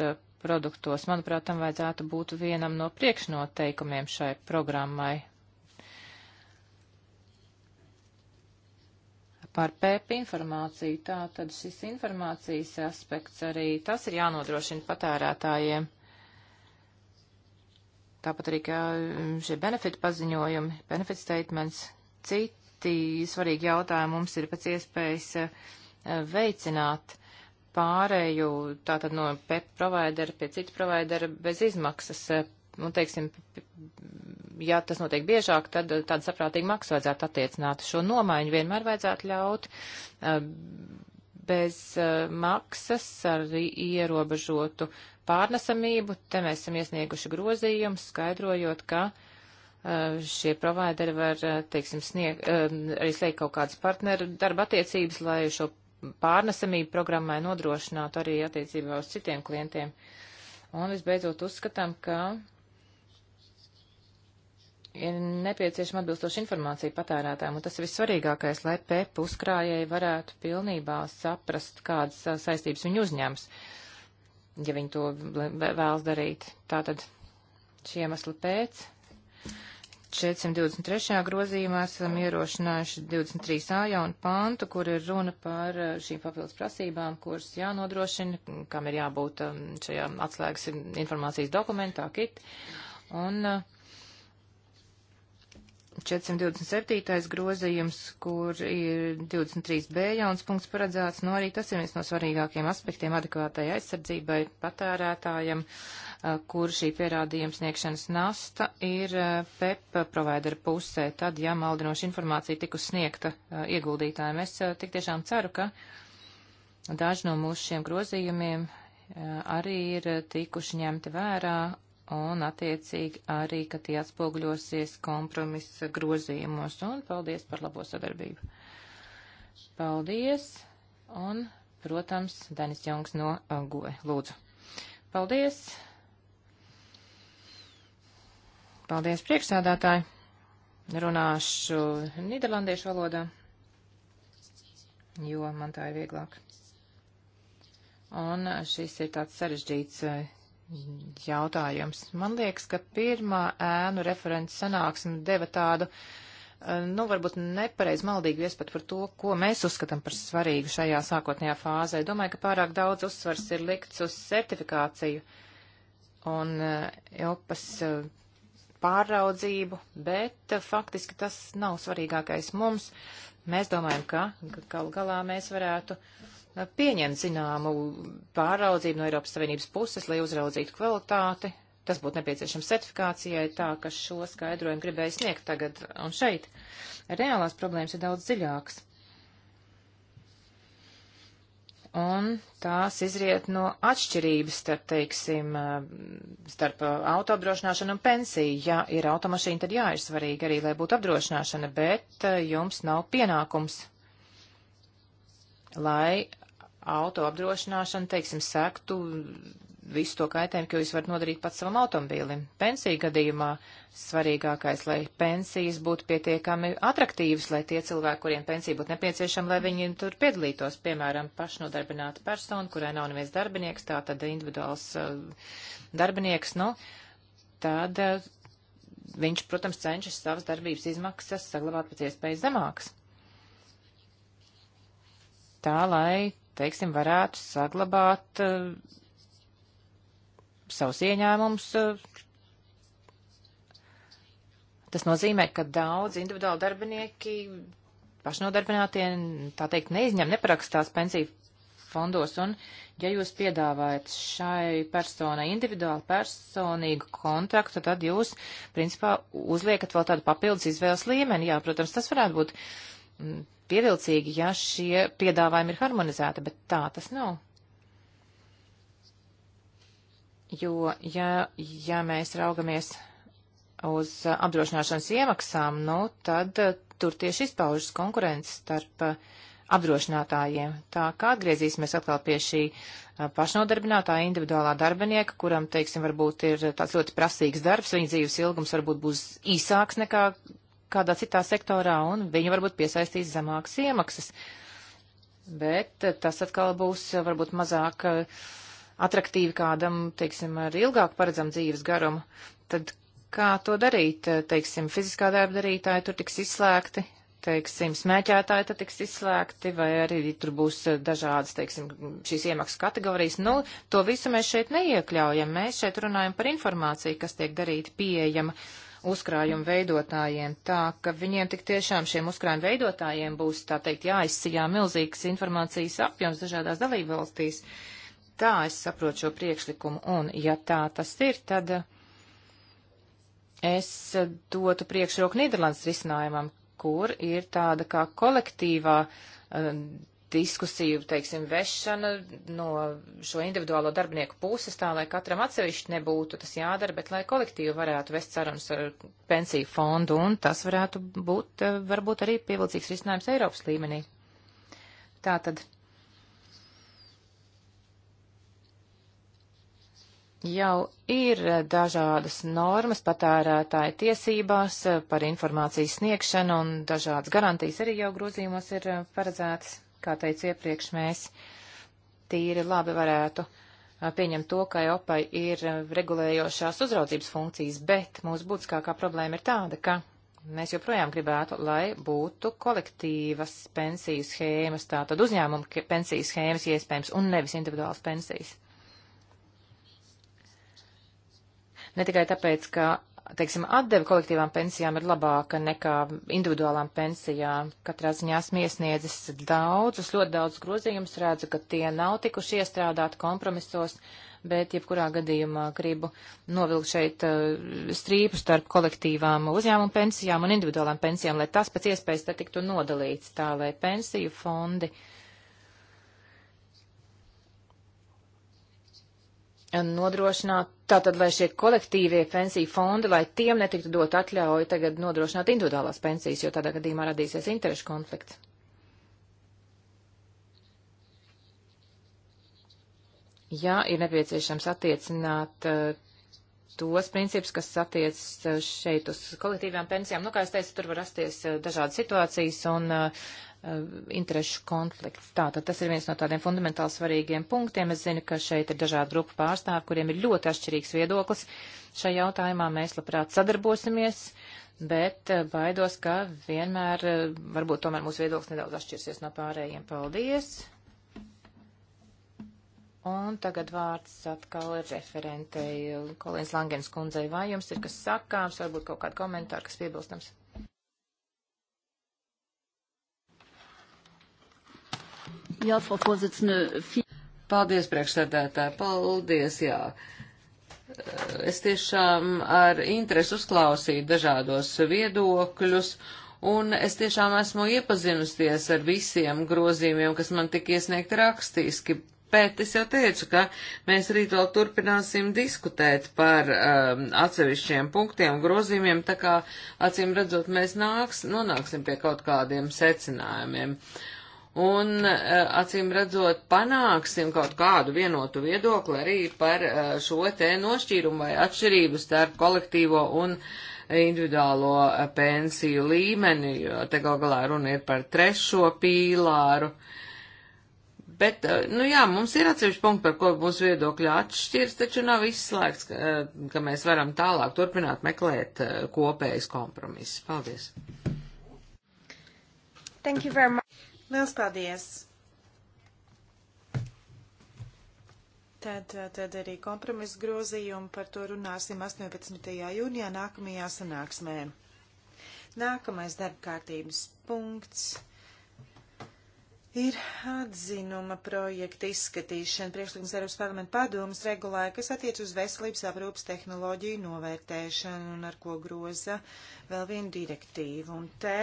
produktos. Manuprāt, tam vajadzētu būt vienam no priekšnoteikumiem šai programmai par PEP informāciju. Tā tad šis informācijas aspekts arī tas ir jānodrošina patērētājiem. Tāpat arī, ka um, šie benefit paziņojumi, benefit statements, citi svarīgi jautājumi mums ir pēc iespējas uh, veicināt pārēju tātad no PEP provaidera pie citu provaidera bez izmaksas uh, nu, teiksim, ja tas notiek biežāk, tad eh, tādu saprātīgu maksu vajadzētu attiecināt. Šo nomaiņu vienmēr vajadzētu ļaut eh, bez eh, maksas ar ierobežotu pārnesamību. Te mēs esam iesnieguši grozījumus, skaidrojot, ka šie provideri var, teiksim, sniegt, arī slēgt kaut kādas partneru darba attiecības, lai šo pārnesamību programmai nodrošinātu arī attiecībā uz citiem klientiem. Un visbeidzot uzskatām, ka ir nepieciešama atbilstoša informācija patērētājiem, un tas ir vissvarīgākais, lai PEP uzkrājēji varētu pilnībā saprast, kādas uh, saistības viņi uzņems, ja viņi to vēlas darīt. Tātad šī iemesla pēc 423. grozījumā esam ierosinājuši 23a jaunu pantu, kur ir runa par uh, šīm papildus prasībām, kuras jānodrošina, kam ir jābūt um, šajā atslēgas informācijas dokumentā, kit. Un uh, 427. grozījums, kur ir 23b jauns punkts paredzēts, no nu, arī tas ir viens no svarīgākiem aspektiem adekvātai aizsardzībai patērētājam, kur šī pierādījuma sniegšanas nasta ir PEP provideru pusē, tad, ja maldinoša informācija tikus sniegta ieguldītājiem. Es tik tiešām ceru, ka daži no mūsu šiem grozījumiem arī ir tikuši ņemti vērā un attiecīgi arī, ka tie atspoguļosies kompromisa grozījumos. Un paldies par labo sadarbību. Paldies. Un, protams, Denis Jungs no uh, Goe. Lūdzu. Paldies. Paldies, priekšsādātāji. Runāšu nīderlandiešu valodā, jo man tā ir vieglāk. Un uh, šis ir tāds sarežģīts uh, jautājums. Man liekas, ka pirmā ēnu referents sanāksme deva tādu, eh, nu, varbūt nepareiz maldīgu iespēju par to, ko mēs uzskatām par svarīgu šajā sākotnējā fāzē. Domāju, ka pārāk daudz uzsvars ir likts uz certifikāciju un Eiropas eh, eh, pārraudzību, bet faktiski tas nav svarīgākais mums. Mēs domājam, ka gal galā mēs varētu uh, pieņemt zināmu pāraudzību no Eiropas Savienības puses, lai uzraudzītu kvalitāti. Tas būtu nepieciešams certifikācijai, tā ka šo skaidrojumu gribēju sniegt tagad un šeit. Reālās problēmas ir daudz dziļākas. Un tās izriet no atšķirības starp, teiksim, starp autoapdrošināšanu un pensiju. Ja ir automašīna, tad jā, ir svarīgi arī, lai būtu apdrošināšana, bet eh, jums nav pienākums lai auto apdrošināšana, teiksim, sektu visu to kaitējumu, ko jūs varat nodarīt pats savam automobīlim. Pensiju gadījumā svarīgākais, lai pensijas būtu pietiekami atraktīvas, lai tie cilvēki, kuriem pensija būtu nepieciešama, lai viņi tur piedalītos, piemēram, pašnodarbināta persona, kurai nav neviens darbinieks, tā tad individuāls uh, darbinieks, nu, tad uh, viņš, protams, cenšas savas darbības izmaksas saglabāt pēc iespējas zemākas. Tā, lai teiksim, varētu saglabāt uh, savus ieņēmumus. Uh, tas nozīmē, ka daudz individuāli darbinieki pašnodarbinātie, tā teikt, neizņem, neparakstās pensiju fondos, un ja jūs piedāvājat šai personai individuāli personīgu kontaktu, tad jūs, principā, uzliekat vēl tādu papildus izvēles līmeni. Jā, protams, tas varētu būt uh, pievilcīgi, ja šie piedāvājumi ir harmonizēti, bet tā tas nav. Jo, ja, ja mēs raugamies uz apdrošināšanas iemaksām, nu, tad eh, tur tieši izpaužas konkurence starp eh, apdrošinātājiem. Tā kā atgriezīsimies atkal pie šī eh, pašnodarbinātā individuālā darbinieka, kuram, teiksim, varbūt ir tāds ļoti prasīgs darbs, viņa dzīves ilgums varbūt būs īsāks nekā kādā citā sektorā, un viņi varbūt piesaistīs zemākas iemaksas. Bet eh, tas atkal būs eh, varbūt mazāk eh, atraktīvi kādam, teiksim, ar ilgāku paredzam dzīves garumu. Tad kā to darīt? Teiksim, fiziskā darba darītāji tur tiks izslēgti, teiksim, smēķētāji tad tiks izslēgti, vai arī tur būs dažādas, teiksim, šīs iemaksas kategorijas. Nu, to visu mēs šeit neiekļaujam. Mēs šeit runājam par informāciju, kas tiek darīta pieejama. Uh, uzkrājumu veidotājiem, tā ka viņiem tik tiešām šiem uzkrājumu veidotājiem būs, tā teikt, jāizsijā milzīgs informācijas apjoms dažādās dalībvalstīs. Tā es saprotu šo priekšlikumu, un ja tā tas ir, tad eh, es dotu priekšroku Nīderlandes risinājumam, kur ir tāda kā kolektīvā uh, diskusiju, teiksim, vešana no šo individuālo darbinieku puses, tā lai katram atsevišķi nebūtu tas jādara, bet lai kolektīvi varētu vest sarunas ar pensiju fondu, un tas varētu būt eh, varbūt arī pievilcīgs risinājums Eiropas līmenī. Tātad. Jau ir dažādas normas patērētāja tiesībās eh, par informācijas sniegšanu un dažādas garantijas arī jau grozījumos ir eh, paredzētas kā teicu iepriekš, mēs tīri labi varētu pieņemt to, ka EOPai ir regulējošās uzraudzības funkcijas, bet mūsu būtiskākā problēma ir tāda, ka mēs joprojām gribētu, lai būtu kolektīvas pensiju schēmas, tātad uzņēmuma pensiju schēmas iespējams un nevis individuālas pensijas. Ne tikai tāpēc, ka teiksim, atdeve kolektīvām pensijām ir labāka nekā individuālām pensijām. Katrā ziņā esmu iesniedzis daudzus, ļoti daudz grozījumus, redzu, ka tie nav tikuši iestrādāti kompromisos, bet jebkurā gadījumā gribu novilkt šeit uh, strīpu starp kolektīvām uzņēmumu pensijām un individuālām pensijām, lai tas pēc iespējas te tiktu nodalīts tā, lai pensiju fondi uh, nodrošināt, tātad, lai šie kolektīvie pensiju fondi, lai tiem netiktu dot atļauju tagad nodrošināt individuālās pensijas, jo tādā gadījumā radīsies interešu konflikts. Ja ir nepieciešams attiecināt uh, tos principus, kas attiec eh, šeit uz kolektīvām pensijām. Nu, kā es teicu, tur var rasties eh, dažādas situācijas un uh, interešu konflikts. Tātad tas ir viens no tādiem fundamentāli svarīgiem punktiem. Es zinu, ka šeit ir dažādu grupu pārstāvi, kuriem ir ļoti atšķirīgs viedoklis. Šajā jautājumā mēs labprāt sadarbosimies, bet baidos, ka vienmēr varbūt tomēr mūsu viedoklis nedaudz atšķirsies no pārējiem. Paldies! Un tagad vārds atkal referentei Kolīnas Langens kundzei. Vai jums ir kas sakāms, varbūt kaut kāda komentāra, kas piebilstams? Jā, Frau Vorsitzende. Paldies, priekšsēdētāji. Paldies, jā. Es tiešām ar interesi uzklausīju dažādos viedokļus, un es tiešām esmu iepazinusies ar visiem grozījumiem, kas man tik iesniegti rakstiski Bet es jau teicu, ka mēs rīt vēl turpināsim diskutēt par um, atsevišķiem punktiem, grozījumiem, tā kā acīm redzot, mēs nāks, nonāksim pie kaut kādiem secinājumiem. Un uh, acīm redzot, panāksim kaut kādu vienotu viedokli arī par uh, šo te nošķīrumu vai atšķirību starp kolektīvo un individuālo uh, pensiju līmeni, jo te gal galā runa ir par trešo pīlāru. Uh, Bet, eh, nu jā, mums ir atsevišķi punkti, par ko mūsu viedokļi atšķirs, taču nav izslēgts, ka, eh, ka mēs varam tālāk turpināt meklēt eh, kopējas kompromisus. Paldies! Thank you very much. Liels paldies! Tad, tad arī kompromisu grozījumu par to runāsim 18. jūnijā nākamajā sanāksmē. Nākamais darbkārtības punkts ir atzinuma projekta izskatīšana priekšlikums Eiropas parlamenta padomas regulē, kas attiec uz veselības aprūpas tehnoloģiju novērtēšanu un ar ko groza vēl vienu direktīvu. Un te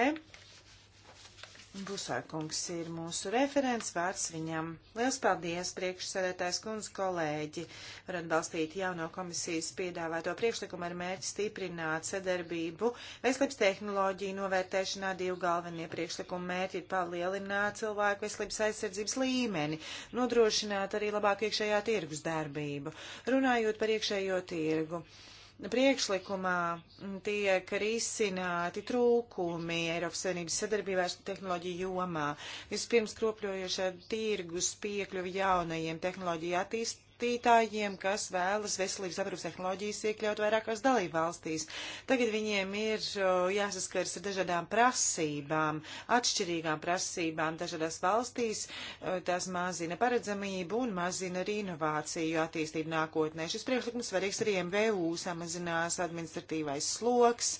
Busārkungs ir mūsu referents, vārds viņam. Liels paldies, priekšsēdētājs kundze, kolēģi! Var atbalstīt jauno komisijas piedāvāto priekšlikumu ar mērķi stiprināt sadarbību. Veselības tehnoloģiju novērtēšanā divu galvenie priekšlikumu mērķi ir palielināt cilvēku veselības aizsardzības līmeni, nodrošināt arī labāk iekšējā tirgus darbību. Runājot par iekšējo tirgu priekšlikumā tiek risināti trūkumi Eiropas Savienības sadarbībās tehnoloģiju jomā. Vispirms kropļojošā tirgus piekļuvi jaunajiem tehnoloģiju attīst, attīstītājiem, kas vēlas veselības aprūpas tehnoloģijas iekļaut vairākās dalībvalstīs. Tagad viņiem ir jāsaskars ar dažādām prasībām, atšķirīgām prasībām dažādās valstīs. Tas mazina paredzamību un mazina arī inovāciju attīstību nākotnē. Šis priekšlikums svarīgs arī MVU samazinās administratīvais sloks.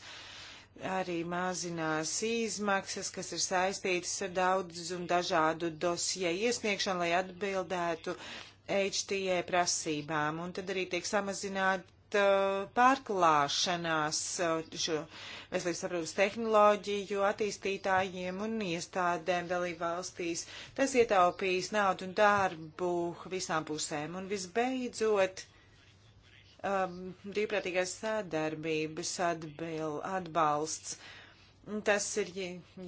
Arī mazinās izmaksas, kas ir saistītas ar daudz un dažādu dosie iesniegšanu, lai atbildētu uh, HTA e prasībām, un tad arī tiek samazināt uh, pārklāšanās uh, šo veselības aprūpas tehnoloģiju attīstītājiem un iestādēm dalībvalstīs. Tas ietaupīs naudu un darbu visām pusēm. Un visbeidzot, um, brīvprātīgās sadarbības atbil, atbalsts. Tas ir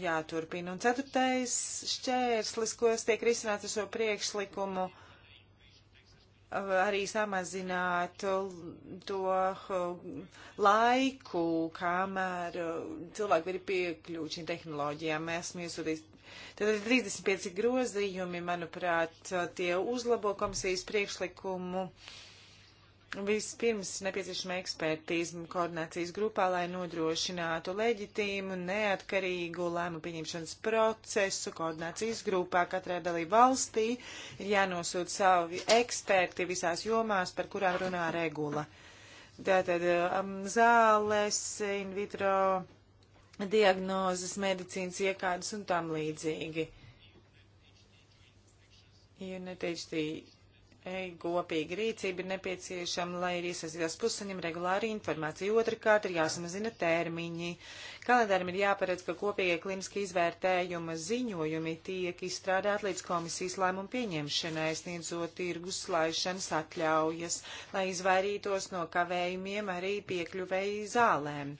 jāturpina. Un ceturtais šķērslis, ko es tiek risināts ar šo priekšlikumu, uh, arī samazināt to uh, laiku, kamēr uh, cilvēki ir piekļuvuši šīm tehnoloģijām. Esmu iesūtījis. Tad ir 35 grozījumi, manuprāt, tie uzlabo komisijas priekšlikumu. Uh, Vispirms nepieciešama ekspertīzma koordinācijas grupā, lai nodrošinātu leģitīmu, neatkarīgu lēmu pieņemšanas procesu koordinācijas grupā. Katrai dalību valstī ir jānosūta savi eksperti visās jomās, par kurām runā regula. Tātad um, zāles, in vitro diagnozes, medicīnas iekārtas un tam līdzīgi. UNHCR Kopīga rīcība ir nepieciešama, lai arī iesaistītās puses saņem regulāru informāciju. Otrakārt ir jāsamazina termiņi. Kalendāram ir jāparedz, ka kopīgie kliniski izvērtējuma ziņojumi tiek izstrādāti līdz komisijas lēmumu pieņemšanai, sniedzot tirgus laišanas atļaujas, lai izvairītos no kavējumiem arī piekļuvēji zālēm.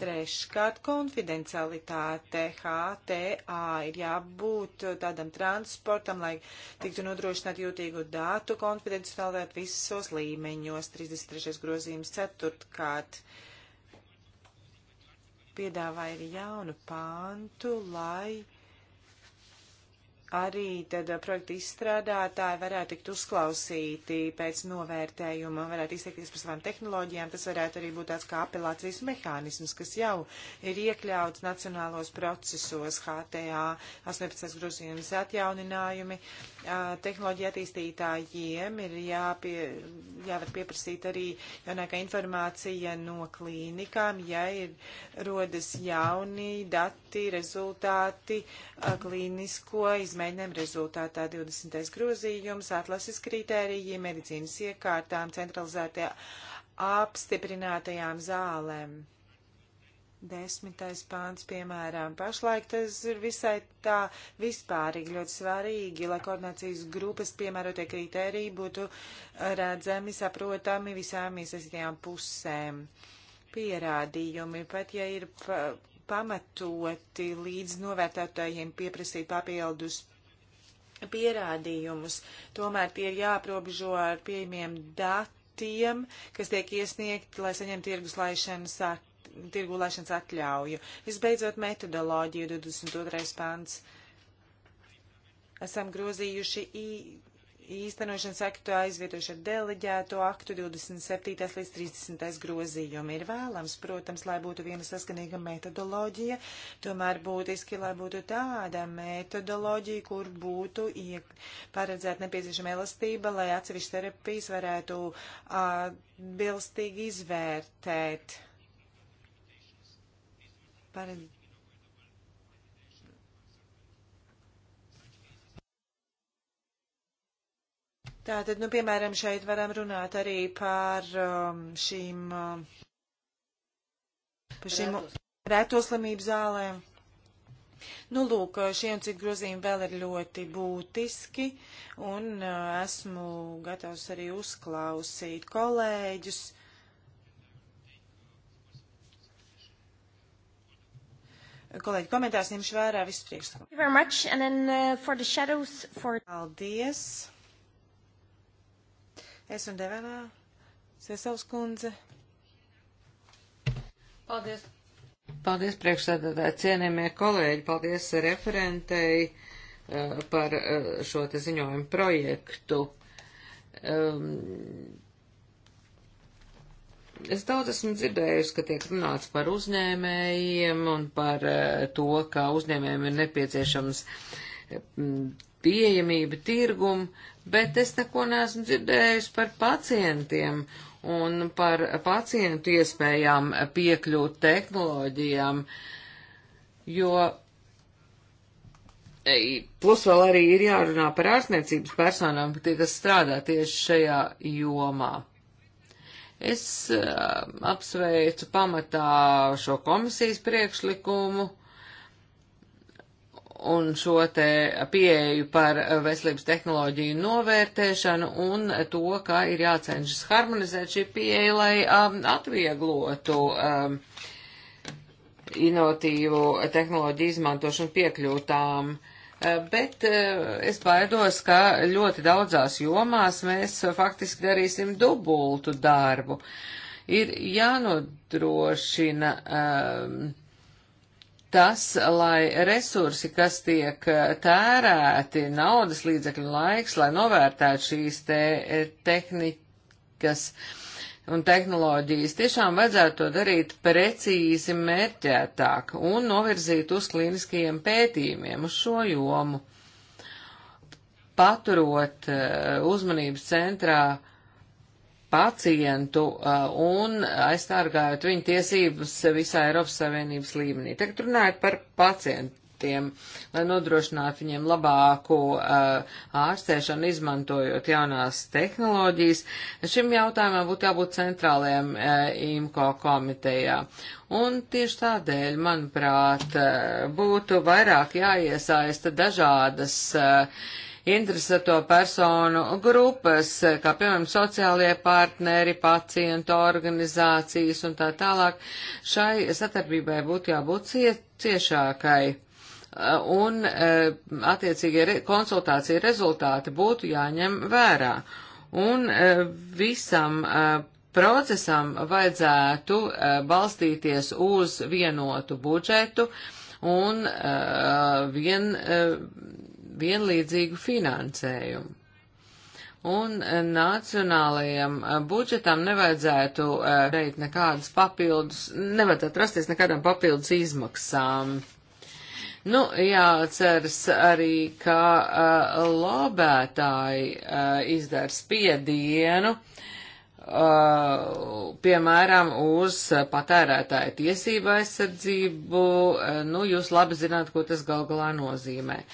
Treškārt, konfidencialitāte HTA ir jābūt tādam transportam, lai tiktu nodrošināt jūtīgu dātu konfidencialitāti visos līmeņos. 33. grozījums ceturtkārt piedāvā ir jaunu pāntu, lai arī tad eh, projekta izstrādātāji varētu tikt uzklausīti pēc novērtējuma, varētu izteikties par savām tehnoloģijām. Tas varētu arī būt tāds kā apelācijas mehānisms, kas jau ir iekļauts nacionālos procesos, HTA 18 grozījums atjauninājumi. Eh, tehnoloģija attīstītājiem ir jāpie, jāvar pieprasīt arī jaunākā informācija no klīnikām, ja ir rodas jauni dati, rezultāti eh, klīnisko izmēģinājumu mēģinājumu rezultātā 20. grozījums, atlases kritērija, medicīnas iekārtām, centralizētajā apstiprinātajām zālēm. Desmitais pāns, piemēram, pašlaik tas ir visai tā vispārīgi ļoti svarīgi, lai koordinācijas grupas piemērotie kritēriji būtu redzami, saprotami visām iesaistītajām pusēm. Pierādījumi, pat ja ir pa pamatoti līdz novērtētājiem pieprasīt papildus pierādījumus. Tomēr tie ir jāaprobežo ar pieejamiem datiem, kas tiek iesniegti, lai saņemtu tirgus laišanas at, tirgu laišanas atļauju. Visbeidzot, metodoloģija 22. pants. Esam grozījuši īstenošanas aktu aizvietojuši ar deleģēto aktu 27. līdz 30. grozījumi. Ir vēlams, protams, lai būtu viena saskanīga metodoloģija, tomēr būtiski, lai būtu tāda metodoloģija, kur būtu paredzēta nepieciešama elastība, lai atsevišķi terapijas varētu atbilstīgi izvērtēt. Paredz Tātad, nu, piemēram, šeit varam runāt arī par um, šīm, um, par šīm rētoslimību zālēm. Nu, lūk, šie un cik grozījumi vēl ir ļoti būtiski, un uh, esmu gatavs arī uzklausīt kolēģus. Kolēģi, komentārs ņemšu vērā visu priekšlikumu. Uh, for... Paldies! Es un Devenā, Sesavs kundze. Paldies. Paldies priekšsēdētāji, cienījamie kolēģi, paldies referentei eh, par eh, šo te ziņojumu projektu. Ehm, es daudz esmu dzirdējusi, ka tiek runāts par uzņēmējiem un par eh, to, ka uzņēmējiem ir nepieciešams pieejamība tirgum, bet es neko neesmu dzirdējusi par pacientiem un par pacientu iespējām piekļūt tehnoloģijām, jo plus vēl arī ir jārunā par ārstniecības personām, tie, kas strādā tieši šajā jomā. Es uh, apsveicu pamatā šo komisijas priekšlikumu un šo te pieeju par veselības tehnoloģiju novērtēšanu un to, kā ir jācenšas harmonizēt šī pieeja, lai um, atvieglotu um, inovatīvu tehnoloģiju izmantošanu piekļūtām. Uh, bet uh, es baidos, ka ļoti daudzās jomās mēs faktiski darīsim dubultu darbu. Ir jānodrošina um, tas, lai resursi, kas tiek eh, tērēti, naudas līdzekļu laiks, lai novērtētu šīs te eh, tehnikas un tehnoloģijas, tiešām vajadzētu to darīt precīzi mērķētāk un novirzīt uz klīniskajiem pētījumiem, uz šo jomu, paturot eh, uzmanības centrā pacientu uh, un aizsargājot viņu tiesības visā Eiropas Savienības līmenī. Tagad runājot par pacientiem, lai nodrošinātu viņiem labāku uh, ārstēšanu, izmantojot jaunās tehnoloģijas, šim jautājumam būtu jābūt centrālajiem uh, IMCO komitejā. Un tieši tādēļ, manuprāt, būtu vairāk jāiesaista dažādas uh, interesēto personu grupas, kā piemēram sociālie partneri, pacientu organizācijas un tā tālāk. Šai satarbībai būtu jābūt ciešākai uh, un uh, attiecīgie konsultācija rezultāti būtu jāņem vērā. Un uh, visam procesam vajadzētu balstīties uz vienotu budžetu un vien vienlīdzīgu finansējumu. Un eh, nacionālajam eh, budžetam nevajadzētu eh, reikt nekādas papildus, nevajadzētu rasties nekādām papildus izmaksām. Nu, jāceras arī, ka uh, lobētāji uh, izdara spiedienu, uh, piemēram, uz patērētāju tiesību aizsardzību. Uh, nu, jūs labi zināt, ko tas gal galā nozīmē. Uh,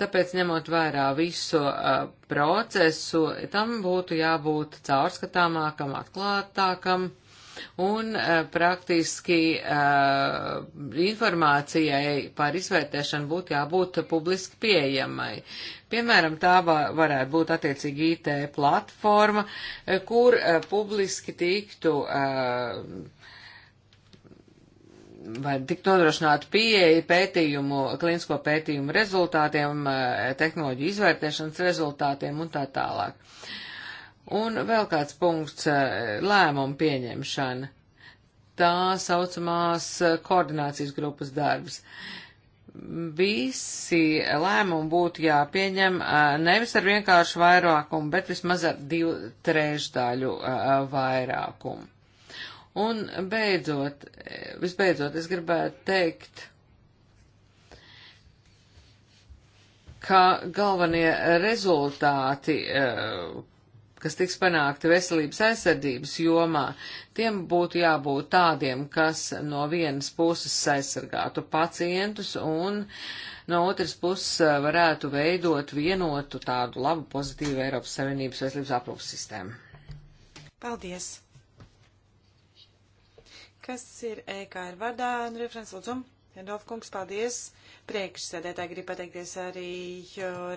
Tāpēc, ņemot vērā visu uh, procesu, tam būtu jābūt caurskatāmākam, atklātākam un uh, praktiski uh, informācijai par izvērtēšanu būtu jābūt publiski pieejamai. Piemēram, tā varētu būt attiecīgi IT platforma, kur uh, publiski tiktu uh, vai tiktu nodrošināta pieeja pētījumu, klīnisko pētījumu rezultātiem, eh, tehnoloģiju izvērtēšanas rezultātiem un tā tālāk. Un vēl kāds punkts eh, - lēmumu pieņemšana. Tā saucamās eh, koordinācijas grupas darbs. Visi lēmumi būtu jāpieņem nevis ar vienkāršu vairākumu, bet vismaz ar divu trešdaļu vairākumu. Un beidzot, visbeidzot, es gribētu teikt, ka galvenie rezultāti, eh, kas tiks panākti veselības aizsardzības jomā, tiem būtu jābūt tādiem, kas no vienas puses aizsargātu pacientus un no otras puses eh, varētu veidot vienotu tādu labu pozitīvu Eiropas Savienības veselības aprūpas sistēmu. Paldies! kas ir EKR vadā. Nu, referents lūdzu. Randolf kungs, paldies. Priekšsēdētāji grib pateikties arī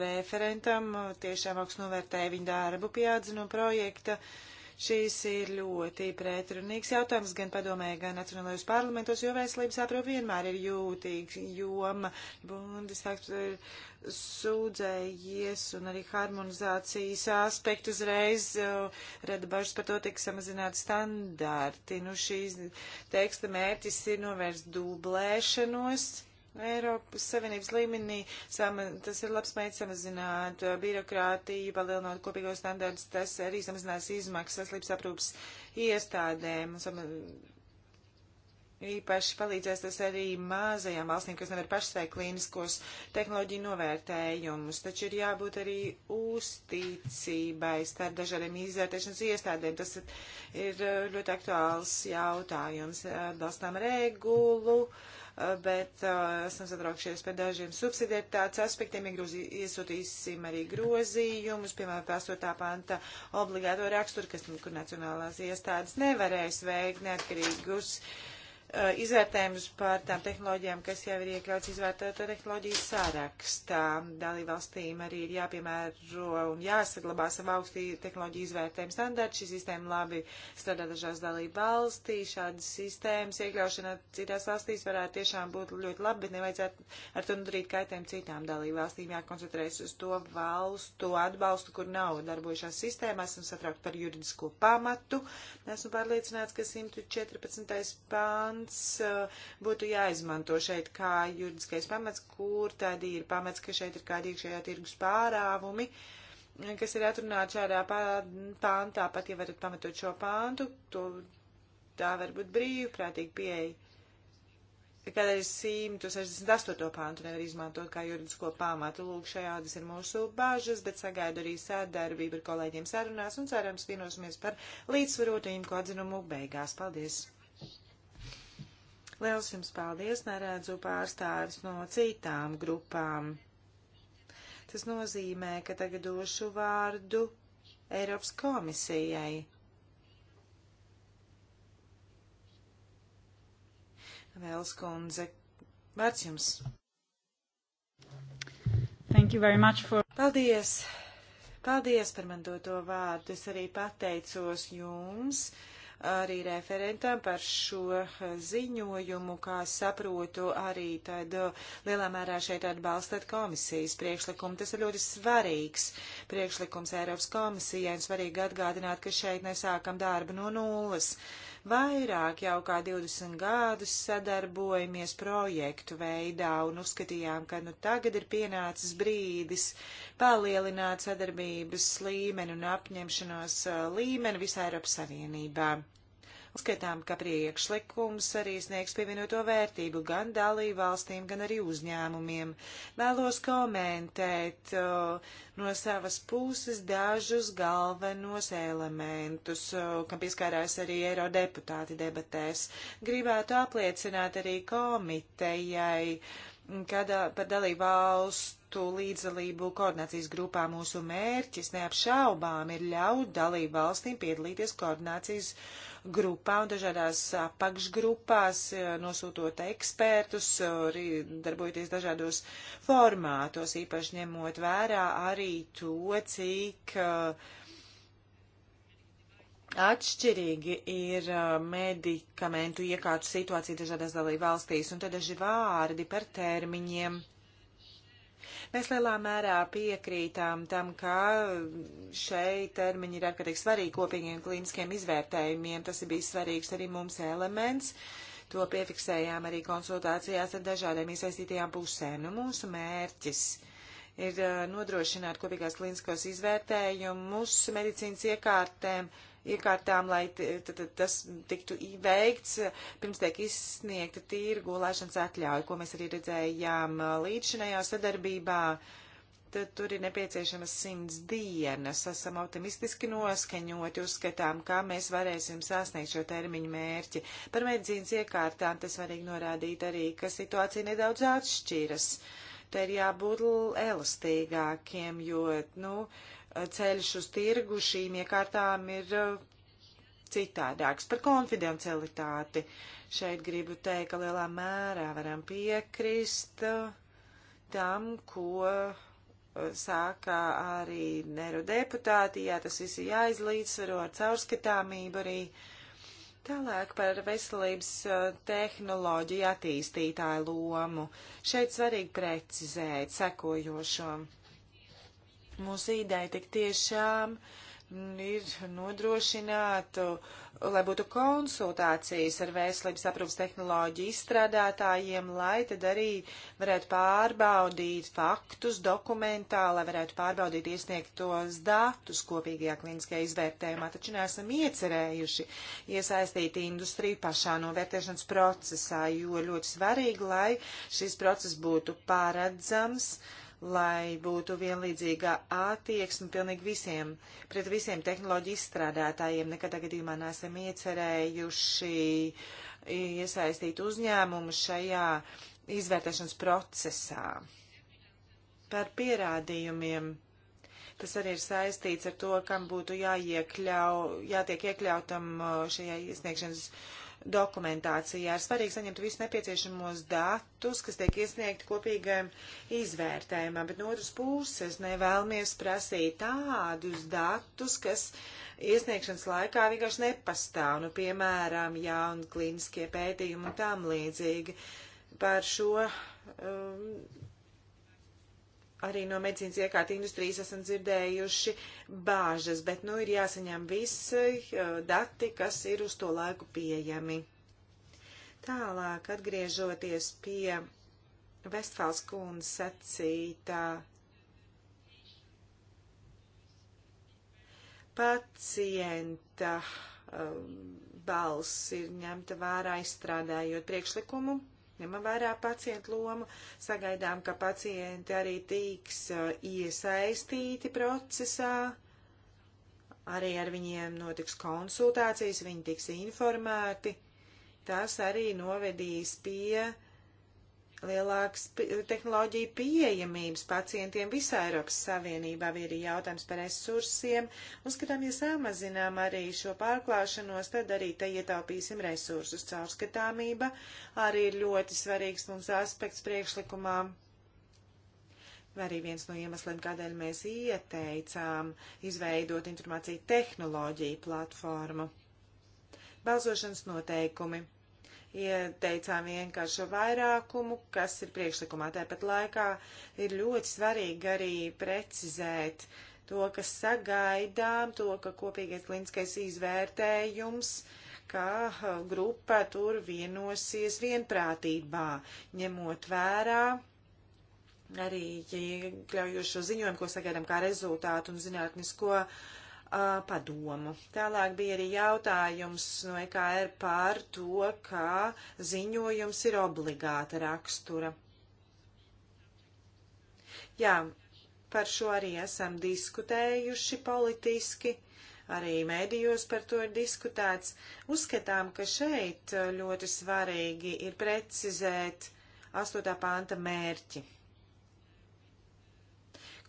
referentam. Tiešām augstu novērtēja viņa darbu pie atzinuma projekta. Uh, Šīs ir ļoti pretrunīgs jautājums gan padomē, gan nacionālajos parlamentos, jo veselības aprūp vienmēr ir jūtīgs joma. Bundestāks ir eh, sūdzējies un arī harmonizācijas aspektu uzreiz uh, rada bažas par to, tiek samazināti standarti. Nu, šīs teksta mērķis ir novērst dublēšanos Eiropas Savienības līmenī sama, tas ir labs mērķis samazināt uh, birokrātiju, palielinot kopīgo standārdu, tas arī samazinās izmaksas veselības aprūpas iestādēm. Sama, īpaši palīdzēs tas arī mazajām valstīm, kas nevar pašsai klīniskos tehnoloģiju novērtējumus, taču ir jābūt arī uzticībai starp dažādiem izvērtēšanas iestādēm. Tas ir uh, ļoti aktuāls jautājums. Atbalstām regulu. Uh, bet uh, esam satraukšies par dažiem subsidietātes aspektiem. Iegrūzī, iesūtīsim arī grozījumus, piemēram, 8. panta obligāto raksturu, kas, nu, kur nacionālās iestādes nevarēs veikt neatkarīgus. Uh, Uh, izvērtējumus par tām tehnoloģijām, kas jau ir iekļauts izvērtēto tehnoloģiju sārakstā. Dalībvalstīm arī ir jāpiemēro un jāsaglabā savu augstī tehnoloģiju izvērtējumu standartu. Šī sistēma labi strādā dažās dalībvalstīs. Šādas sistēmas iekļaušana citās valstīs varētu tiešām būt ļoti labi, bet nevajadzētu ar to nodarīt kaitējumu citām dalībvalstīm. Jākoncentrējas uz to valstu atbalstu, kur nav darbojušās sistēmas. Esmu satraukta par juridisko pamatu. Esmu pārliecināts, ka 114. pāns pants eh, būtu jāizmanto šeit kā juridiskais pamats, kur tad ir pamats, ka šeit ir kādi iekšējā tirgus pārāvumi, eh, kas ir atrunāti šādā pāntā, pat ja varat pamatot šo pāntu, to tā var būt brīvprātīgi pieeja. Kādēļ 168. pāntu nevar izmantot kā juridisko pamatu? Lūk, šajādas ir mūsu bāžas, bet sagaidu arī sādarbību ar kolēģiem sarunās un cerams vienosimies par līdzsvarotajiem kodzinumu beigās. Paldies! Liels jums paldies, neredzu pārstāvis no citām grupām. Tas nozīmē, ka tagad došu vārdu Eiropas komisijai. Vēls kundze, vārds jums. Thank you very much for. Paldies! Paldies par man doto vārdu. Es arī pateicos jums. Uh, arī referentam par šo ziņojumu, kā saprotu, arī tad lielā mērā šeit atbalstat komisijas priekšlikumu. Tas ir ļoti svarīgs priekšlikums Eiropas komisijai un svarīgi atgādināt, ka šeit nesākam darbu no nulles. Uh, Vairāk jau kā 20 gadus sadarbojamies projektu veidā un uzskatījām, ka nu tagad ir pienācis brīdis palielināt sadarbības līmeni un apņemšanos uh, līmeni visā Eiropas Savienībā. Uzskatām, ka priekšlikums arī sniegs pievienoto vērtību gan dalībvalstīm, gan arī uzņēmumiem. Vēlos komentēt o, no savas puses dažus galvenos elementus, o, kam pieskārās arī eirodeputāti debatēs. Gribētu apliecināt arī komitejai, kad par dalībvalstu panāktu līdzdalību koordinācijas grupā. Mūsu mērķis neapšaubām ir ļaut dalību valstīm piedalīties koordinācijas grupā un dažādās apakšgrupās, eh, nosūtot ekspertus, eh, arī darbojoties dažādos formātos, īpaši ņemot vērā arī to, cik uh, Atšķirīgi ir medikamentu iekārtu situācija dažādās dalību valstīs, un tad daži vārdi par termiņiem. Mēs lielā mērā piekrītām tam, ka šeit termiņi ir ārkārtīgi svarīgi kopīgiem klīniskiem izvērtējumiem. Tas ir bijis svarīgs arī mums elements. To piefiksējām arī konsultācijās ar dažādiem iesaistītajām pusēm. Nu, mūsu mērķis ir eh, nodrošināt kopīgās klīniskos izvērtējumus medicīnas iekārtēm iekārtām, lai tas tiktu veikts, eh, pirms tiek izsniegta tīrgu lēšanas atļauja, ko mēs arī redzējām eh, līdzinējā sadarbībā. Tad tur ir nepieciešamas simts dienas. Esam optimistiski noskaņoti, uzskatām, kā mēs varēsim sasniegt šo termiņu mērķi. Par medicīnas iekārtām tas svarīgi norādīt arī, ka situācija nedaudz atšķiras. Te ir jābūt elastīgākiem, jo, nu, uh, ceļš uz tirgu šīm iekārtām ir uh, citādāks. Par konfidencialitāti šeit gribu teikt, ka lielā mērā varam piekrist uh, tam, ko uh, sākā arī neru deputāti, jā, tas viss ir jāizlīdzsvaro ar caurskatāmību arī. Tālāk par veselības tehnoloģiju attīstītāju lomu. Šeit svarīgi precizēt sekojošo. Mūsu ideja tik tiešām ir nodrošināt, lai būtu konsultācijas ar veselības aprūpas tehnoloģiju izstrādātājiem, lai tad arī varētu pārbaudīt faktus dokumentā, lai varētu pārbaudīt iesniegtos datus kopīgajā kliniskajā izvērtējumā. Taču neesam iecerējuši iesaistīt industriju pašā novērtēšanas procesā, jo ļoti svarīgi, lai šis process būtu paredzams lai būtu vienlīdzīga attieksme pilnīgi visiem, pret visiem tehnoloģiju izstrādātājiem. Nekādā gadījumā neesam iecerējuši iesaistīt uzņēmumu šajā izvērtēšanas procesā. Par pierādījumiem. Tas arī ir saistīts ar to, kam būtu jāiekļau, jātiek iekļautam uh, šajā iesniegšanas uh, dokumentācijā. Ir svarīgi saņemt visus nepieciešamos datus, kas tiek iesniegti kopīgajam izvērtējumam, bet no otras puses nevēlamies prasīt tādus datus, kas iesniegšanas laikā vienkārši nepastāv, nu, piemēram, jauni klīniskie pētījumi un tam līdzīgi par šo. Um, arī no medicīnas iekārta industrijas esam dzirdējuši bāžas, bet nu ir jāsaņem visi eh, dati, kas ir uz to laiku pieejami. Tālāk, atgriežoties pie Vestfāls kundas sacītā, pacienta um, balss ir ņemta vērā izstrādājot priekšlikumu ņemam vērā pacientu lomu, sagaidām, ka pacienti arī tiks iesaistīti procesā, arī ar viņiem notiks konsultācijas, viņi tiks informēti. Tas arī novedīs pie uh, lielāks tehnoloģiju pieejamības pacientiem visā Eiropas Savienībā, bija arī jautājums par resursiem. Uzskatām, ja samazinām arī šo pārklāšanos, tad arī te ietaupīsim resursus. Caurskatāmība arī ir ļoti svarīgs mums aspekts priekšlikumā. Vai arī viens no iemesliem, kādēļ mēs ieteicām izveidot informāciju tehnoloģiju platformu. Balsošanas noteikumi ieteicām vienkāršo vairākumu, kas ir priekšlikumā. Tāpat laikā ir ļoti svarīgi arī precizēt to, kas sagaidām, to, ka kopīgais kliniskais izvērtējums ka grupa tur vienosies vienprātībā, ņemot vērā arī iekļaujošo ziņojumu, ko sagaidām kā rezultātu un zinātnisko uh, padomu. Tālāk bija arī jautājums no EKR par to, kā ziņojums ir obligāta rakstura. Jā, par šo arī esam diskutējuši politiski, arī mēdījos par to ir diskutēts. Uzskatām, ka šeit ļoti svarīgi ir precizēt 8. panta mērķi.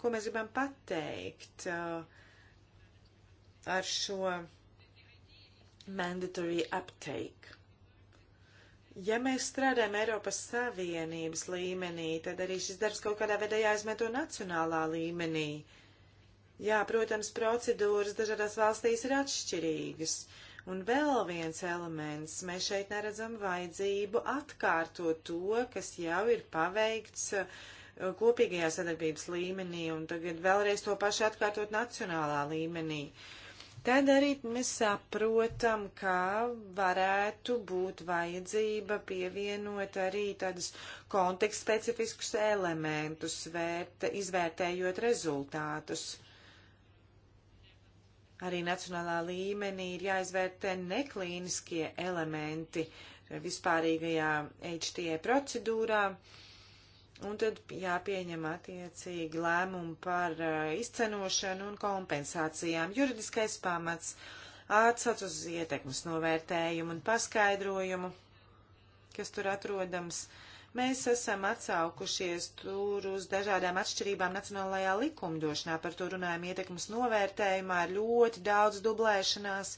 Ko mēs gribam pateikt? Uh, ar šo mandatory uptake. Ja mēs strādājam Eiropas Savienības līmenī, tad arī šis darbs kaut kādā veidā jāizmanto nacionālā līmenī. Jā, protams, procedūras dažādās valstīs ir atšķirīgas. Un vēl viens elements, mēs šeit neredzam vajadzību atkārtot to, kas jau ir paveikts uh, kopīgajā sadarbības līmenī, un tagad vēlreiz to pašu atkārtot nacionālā līmenī. Uh, tad arī mēs saprotam, ka varētu būt vajadzība pievienot arī tādus kontekstspecifiskus elementus, vērt, izvērtējot rezultātus. Arī nacionālā līmenī ir jāizvērtē neklīniskie elementi vispārīgajā HTA e procedūrā. Uh, Un tad jāpieņem attiecīgi lēmumi par uh, izcenošanu un kompensācijām. Juridiskais pamats atsauc uz ietekmes novērtējumu un paskaidrojumu, kas tur atrodams. Uh, Mēs esam atsaukušies tur uz dažādām atšķirībām nacionālajā likumdošanā, par to runājam ietekmes novērtējumā, ir ļoti daudz dublēšanās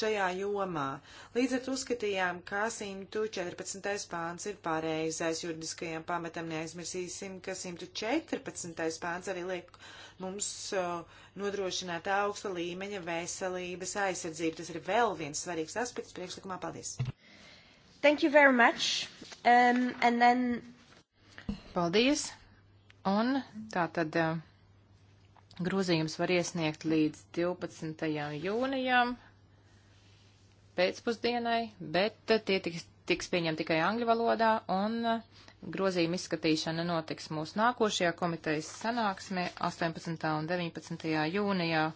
šajā jomā. Līdz ar to uzskatījām, ka 114. pāns ir pareizais juridiskajam pamatam, neaizmirsīsim, ka 114. pāns arī liek mums nodrošināt augsta līmeņa veselības aizsardzību. Tas ir vēl viens svarīgs aspekts priekšlikumā. Paldies! Thank you very much. Um, and then... Paldies. Un tā tad uh, grozījums var iesniegt līdz 12. jūnijam pēcpusdienai, bet uh, tie tiks, tiks pieņemti tikai angļu valodā un uh, grozījuma izskatīšana notiks mūsu nākošajā komitejas sanāksmē 18. un 19. jūnijā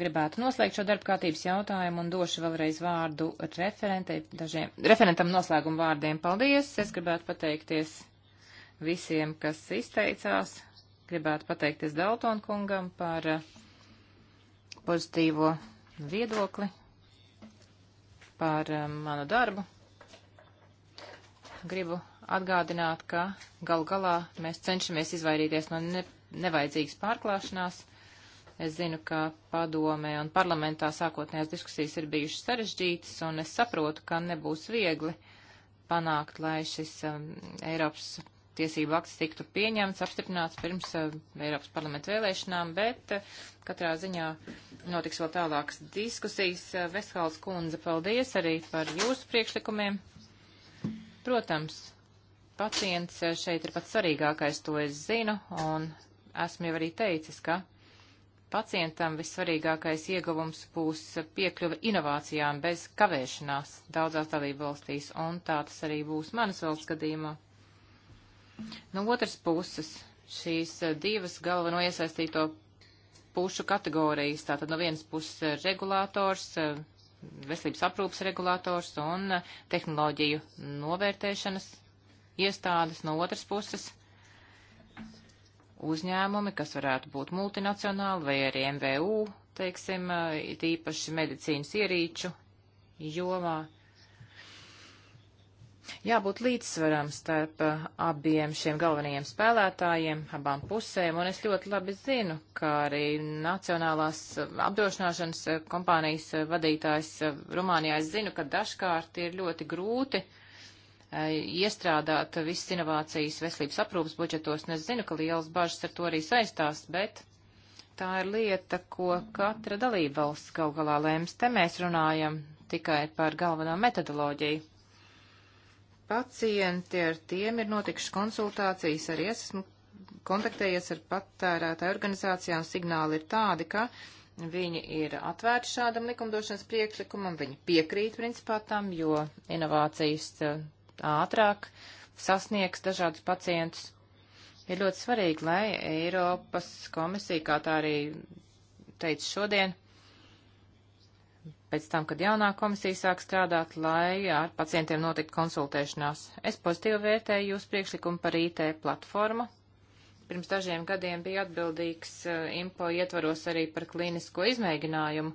gribētu noslēgt šo darba kārtības jautājumu un došu vēlreiz vārdu dažiem, referentam noslēgumu vārdiem. Paldies! Es gribētu pateikties visiem, kas izteicās. Gribētu pateikties Dalton kungam par eh, pozitīvo viedokli, par eh, manu darbu. Gribu atgādināt, ka gal galā mēs cenšamies izvairīties no ne, nevajadzīgas pārklāšanās Es zinu, ka padomē un parlamentā sākotnējās diskusijas ir bijušas sarežģītas, un es saprotu, ka nebūs viegli panākt, lai šis um, Eiropas tiesību akts tiktu pieņemts, apstiprināts pirms uh, Eiropas parlamenta vēlēšanām, bet uh, katrā ziņā notiks vēl tālākas diskusijas. Uh, Veshāls kundze, paldies arī par jūsu priekšlikumiem. Protams, pacients uh, šeit ir pats svarīgākais, to es zinu, un esmu jau arī teicis, ka pacientam vissvarīgākais ieguvums būs piekļuva inovācijām bez kavēšanās daudzās dalību valstīs, un tā tas arī būs manas valsts gadījumā. No otras puses, šīs divas galveno iesaistīto pušu kategorijas, tātad no vienas puses regulators, veselības aprūpas regulators un tehnoloģiju novērtēšanas iestādes, no otras puses uzņēmumi, kas varētu būt multinacionāli vai arī MVU, teiksim, eh, tīpaši medicīnas ierīču jomā. Jābūt līdzsvaram starp eh, abiem šiem galvenajiem spēlētājiem, abām pusēm, un es ļoti labi zinu, ka arī nacionālās eh, apdrošināšanas kompānijas vadītājs Rumānijā es zinu, ka dažkārt ir ļoti grūti uh, Eh, iestrādāt visas inovācijas veselības aprūpas budžetos, un es zinu, ka liels bažas ar to arī saistās, bet tā ir lieta, ko katra dalība valsts gal galā lēms. Te mēs runājam tikai par galveno metodoloģiju. Pacienti ar tiem ir notikušas konsultācijas, arī es esmu kontaktējies ar patērētāju organizācijām, signāli ir tādi, ka viņi ir atvērti šādam likumdošanas priekšlikumam, viņi piekrīt principā tam, jo inovācijas eh, ātrāk sasniegs dažādus pacientus. Ir ļoti svarīgi, lai Eiropas komisija, kā tā arī teica šodien, pēc tam, kad jaunā komisija sāk strādāt, lai ar pacientiem notiktu konsultēšanās. Es pozitīvi vērtēju jūsu priekšlikumu par IT platformu. Pirms dažiem gadiem bija atbildīgs eh, IMPO ietvaros arī par klīnisko izmēģinājumu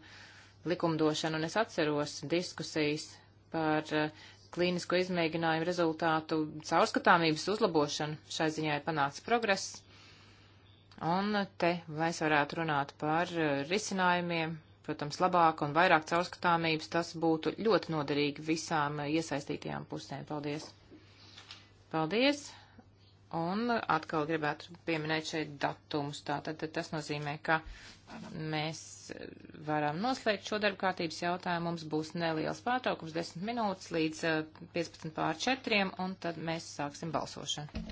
likumdošanu, un es atceros diskusijas par eh, klīnisko izmēģinājumu rezultātu caurskatāmības uzlabošanu. Šai ziņā ir panāca progress. Un te mēs varētu runāt par uh, risinājumiem. Protams, labāk un vairāk caurskatāmības tas būtu ļoti noderīgi visām uh, iesaistītajām pusēm. Paldies! Paldies! Un atkal gribētu pieminēt šeit datumus. Tātad tas nozīmē, ka mēs varam noslēgt šo darba kārtības jautājumu. Mums būs neliels pārtraukums 10 minūtes līdz 15 eh, pār 4, un tad mēs sāksim balsošanu.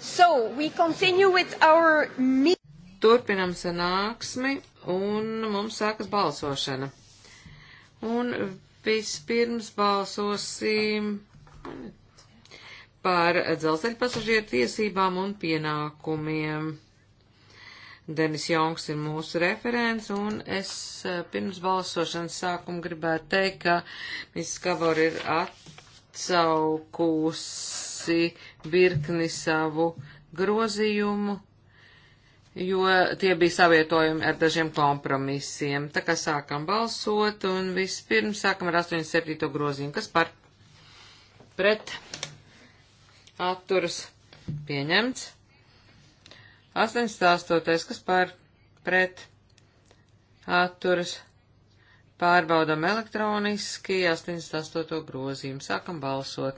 So, we continue with our meeting. Turpinam sanāksmi un mums sākas balsošana. Un vispirms balsosim par dzelzceļa pasažieru tiesībām un pienākumiem. Denis Jongs ir mūsu referents, un es eh, pirms balsošanas sākuma gribētu teikt, ka Mrs. Kavor ir at atsaukusi virkni savu grozījumu, jo tie bija savietojumi ar dažiem kompromisiem. Tā kā sākam balsot un vispirms sākam ar 87. grozījumu, kas par pret atturas pieņemts. 88. kas par pret atturas pieņemts Pārbaudam elektroniski 88. grozījumu. Sākam balsot.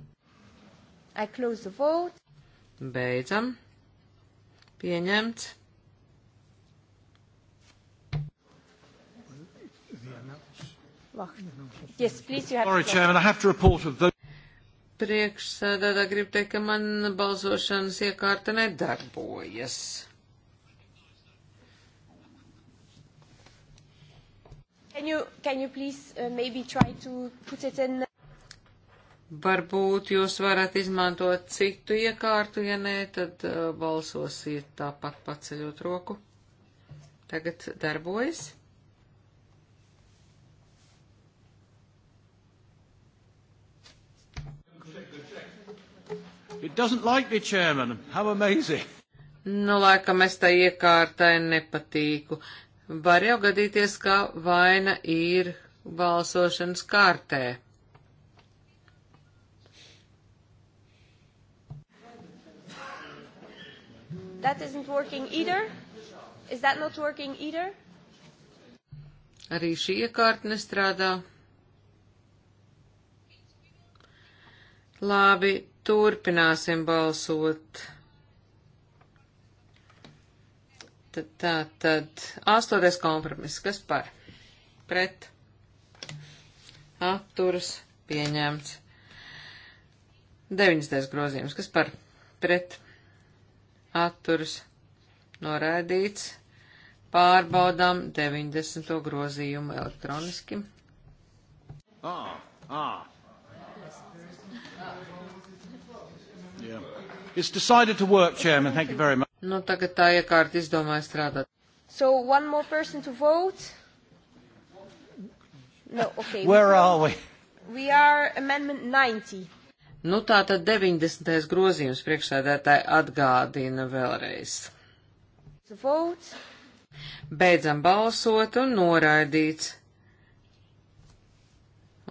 I close the vote. Beidzam. Pieņemts. Yes, please, you have Sorry, Chairman, I have to report a vote. Priekšsēdētā grib teikt, ka man balsošanas iekārta nedarbojas. Can you, can you please, uh, in... Varbūt jūs varat izmantot citu iekārtu, ja nē, tad uh, balsosiet tāpat paceļot roku. Tagad darbojas. It doesn't like me, Chairman. How amazing. Nu, laikam es tā iekārtai nepatīku var jau gadīties, ka vaina ir balsošanas kārtē. That isn't working either. Is that not working either? Arī šī iekārta nestrādā. Labi, turpināsim balsot. Tā tad astoties kompromiss, kas par pret atturas pieņemts. 90. grozījums, kas par pret atturas noraidīts. Pārbaudām 90. grozījumu elektroniski. Ah, ah. Yeah. It's decided to work, Chairman. Thank you very much. Nu, tagad tā iekārta izdomāja strādāt. So, one more person to vote? No, okay. Where are we? We are amendment 90. Nu, tā tad 90. grozījums priekšsēdētāji atgādina vēlreiz. The vote. Beidzam balsot un noraidīts.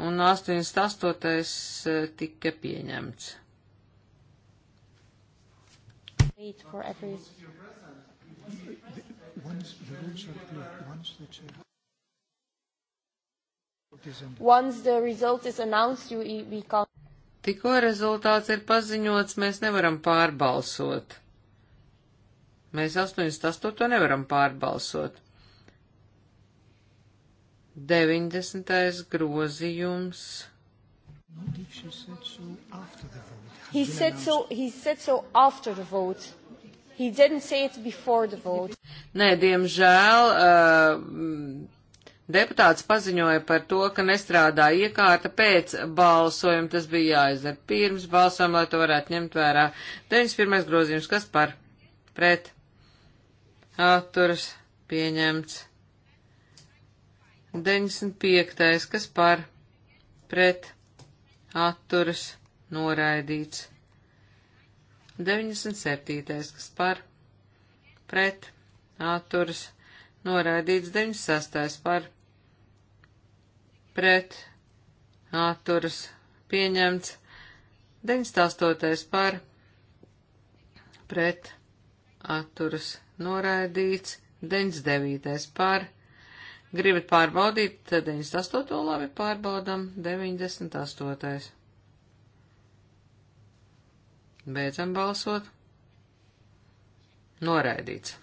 Un 88. Eh, tika pieņemts. Wait for every... Once the rules are clear, once the chair... Once the result is announced, you, we can't... Tikko rezultāts ir paziņots, mēs nevaram pārbalsot. Mēs 88 nevaram pārbalsot. 90. grozījums. No, He said so, he said so after the vote. He didn't say it before the vote. Nē, diemžēl uh, deputāts paziņoja par to, ka nestrādā iekārta pēc balsojuma. Tas bija jāizdara pirms balsojuma, lai to varētu ņemt vērā. 91. grozījums, kas par pret atturas pieņemts. 95. kas par pret atturas pieņemts noraidīts. 97. kas par pret atturas noraidīts 96. par pret atturas pieņemts 98. par pret atturas noraidīts 99. par gribat pārbaudīt 98. labi pārbaudam 98. Beidzam balsot. Noraidīts.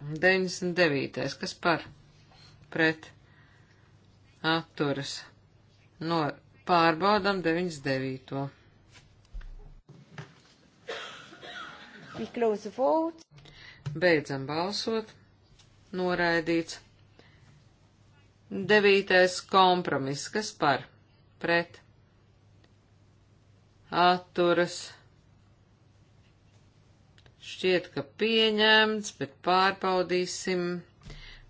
99. Kas par? Pret. Atturas. No, pārbaudam 99. We close the vote. Beidzam balsot. Noraidīts. Devītais kompromiss. Kas par? Pret atturas. Šķiet, ka pieņemts, bet pārbaudīsim,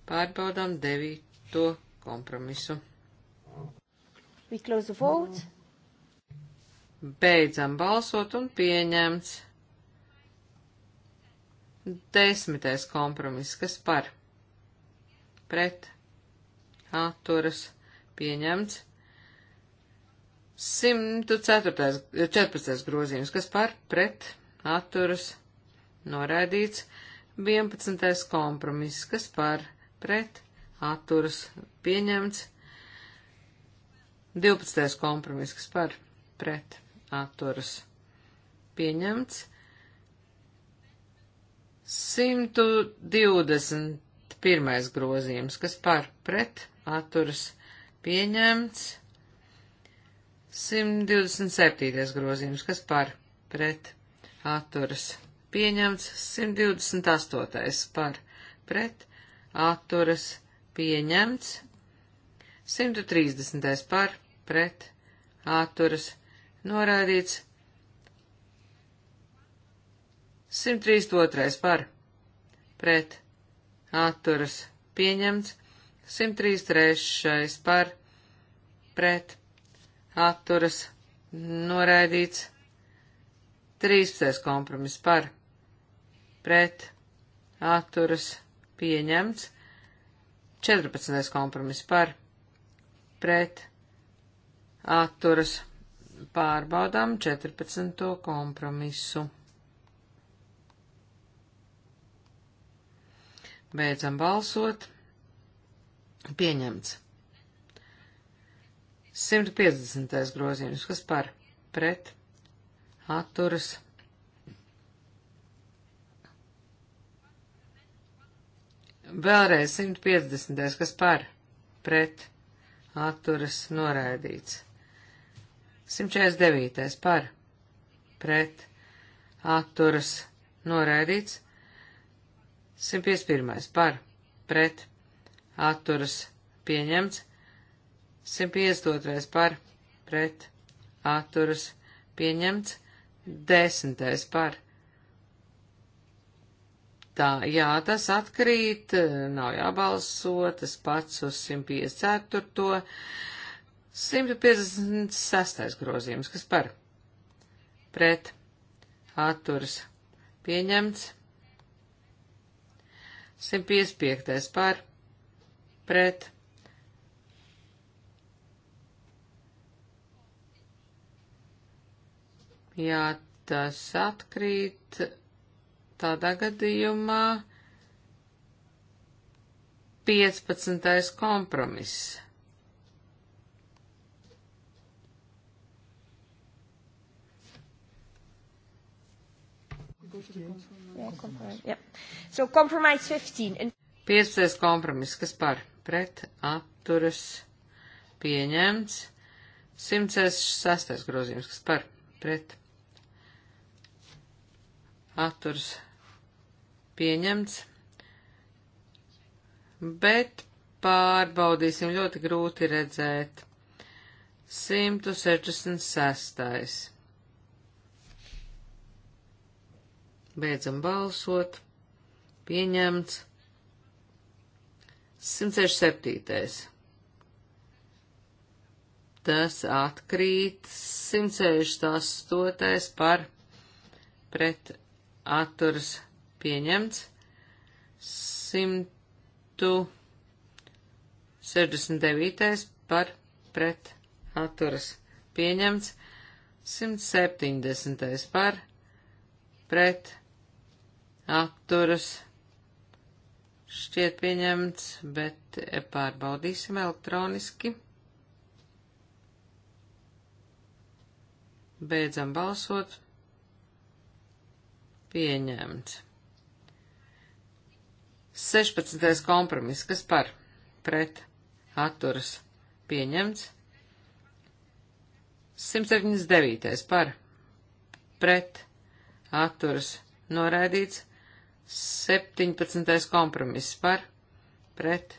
pārbaudām devīto kompromisu. We close the vote. Beidzam balsot un pieņemts. Desmitais kompromiss, kas par? Pret. Atturas. Pieņemts. 114. grozījums, kas par pret atturas noraidīts, 11. kompromiss, kas par pret atturas pieņemts, 12. kompromiss, kas par pret atturas pieņemts, 121. grozījums, kas par pret atturas pieņemts, 127. grozījums, kas par pret atturas pieņemts, 128. par pret atturas pieņemts, 130. par pret atturas norādīts, 132. par pret atturas pieņemts, 133. par pret atturas noraidīts. 13. kompromiss par pret atturas pieņemts. 14. kompromiss par pret atturas pārbaudām 14. kompromisu. Beidzam balsot. Pieņemts. 150. grozījums, kas par pret atturas. Vēlreiz 150. kas par pret atturas noraidīts. 149. par pret atturas noraidīts. 151. par pret atturas pieņemts. 152. par pret atturas pieņemts, 10. par. Tā, jā, tas atkrīt, nav jābalso, tas pats uz 154. 156. grozījums, kas par pret atturas pieņemts, 155. par pret atturas Jā, tas atkrīt tādā gadījumā 15. kompromiss. Yeah, compromise. Yeah. So compromise 15. 15. kompromiss, kas par pret atturas pieņemts. 106. grozījums, kas par pret atturs pieņemts, bet pārbaudīsim ļoti grūti redzēt. 166. Beidzam balsot. Pieņemts. 167. Tas atkrīt 168. par pret atturas pieņemts. 169. par pret atturas pieņemts. 170. par pret atturas šķiet pieņemts, bet pārbaudīsim elektroniski. Beidzam balsot pieņemts. 16. kompromiss, kas par pret atturas pieņemts. 179. par pret atturas noraidīts. 17. kompromiss par pret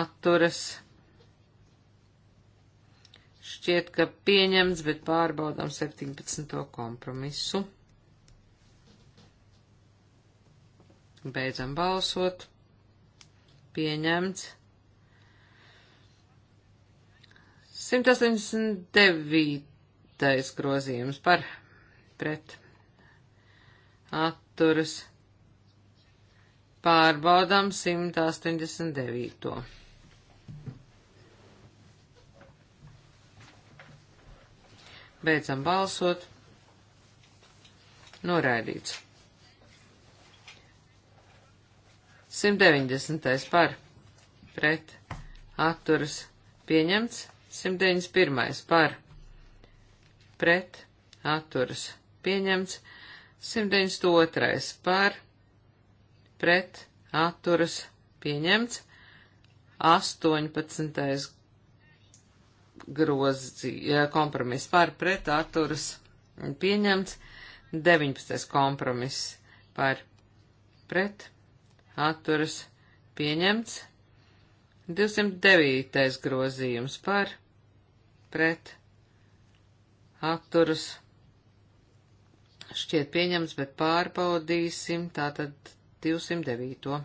atturas pieņemts šķiet, ka pieņemts, bet pārbaudām 17. kompromisu. Beidzam balsot. Pieņemts. 189. grozījums par pret atturas pārbaudām 189. Beidzam balsot. Noraidīts. 190. par pret atturas pieņemts. 191. par pret atturas pieņemts. 192. par pret atturas pieņemts. 18 grozi, kompromiss par pret atturas pieņemts, 19. kompromiss par pret atturas pieņemts, 209. grozījums par pret atturas šķiet pieņems, bet pārbaudīsim tātad 209.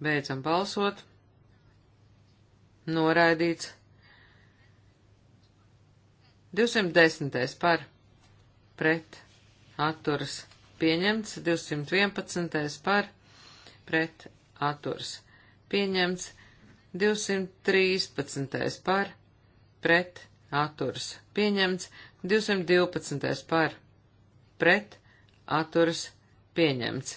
Beidzam balsot noraidīts. 210. par pret atturas pieņemts, 211. par pret atturas pieņemts, 213. par pret atturas pieņemts, 212. par pret atturas pieņemts,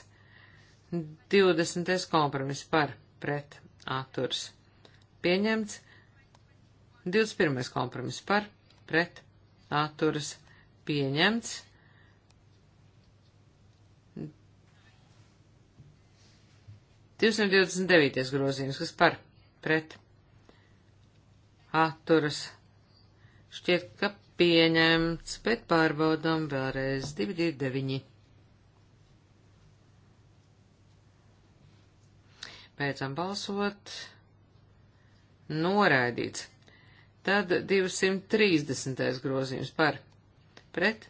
20. kompromiss par pret atturas pieņemts pieņemts. 21. kompromiss par, pret, atturas, pieņemts. 229. grozījums, kas par, pret, atturas, šķiet, ka pieņemts, bet pārbaudām vēlreiz 229. Beidzam balsot noraidīts. Tad 230. grozījums par pret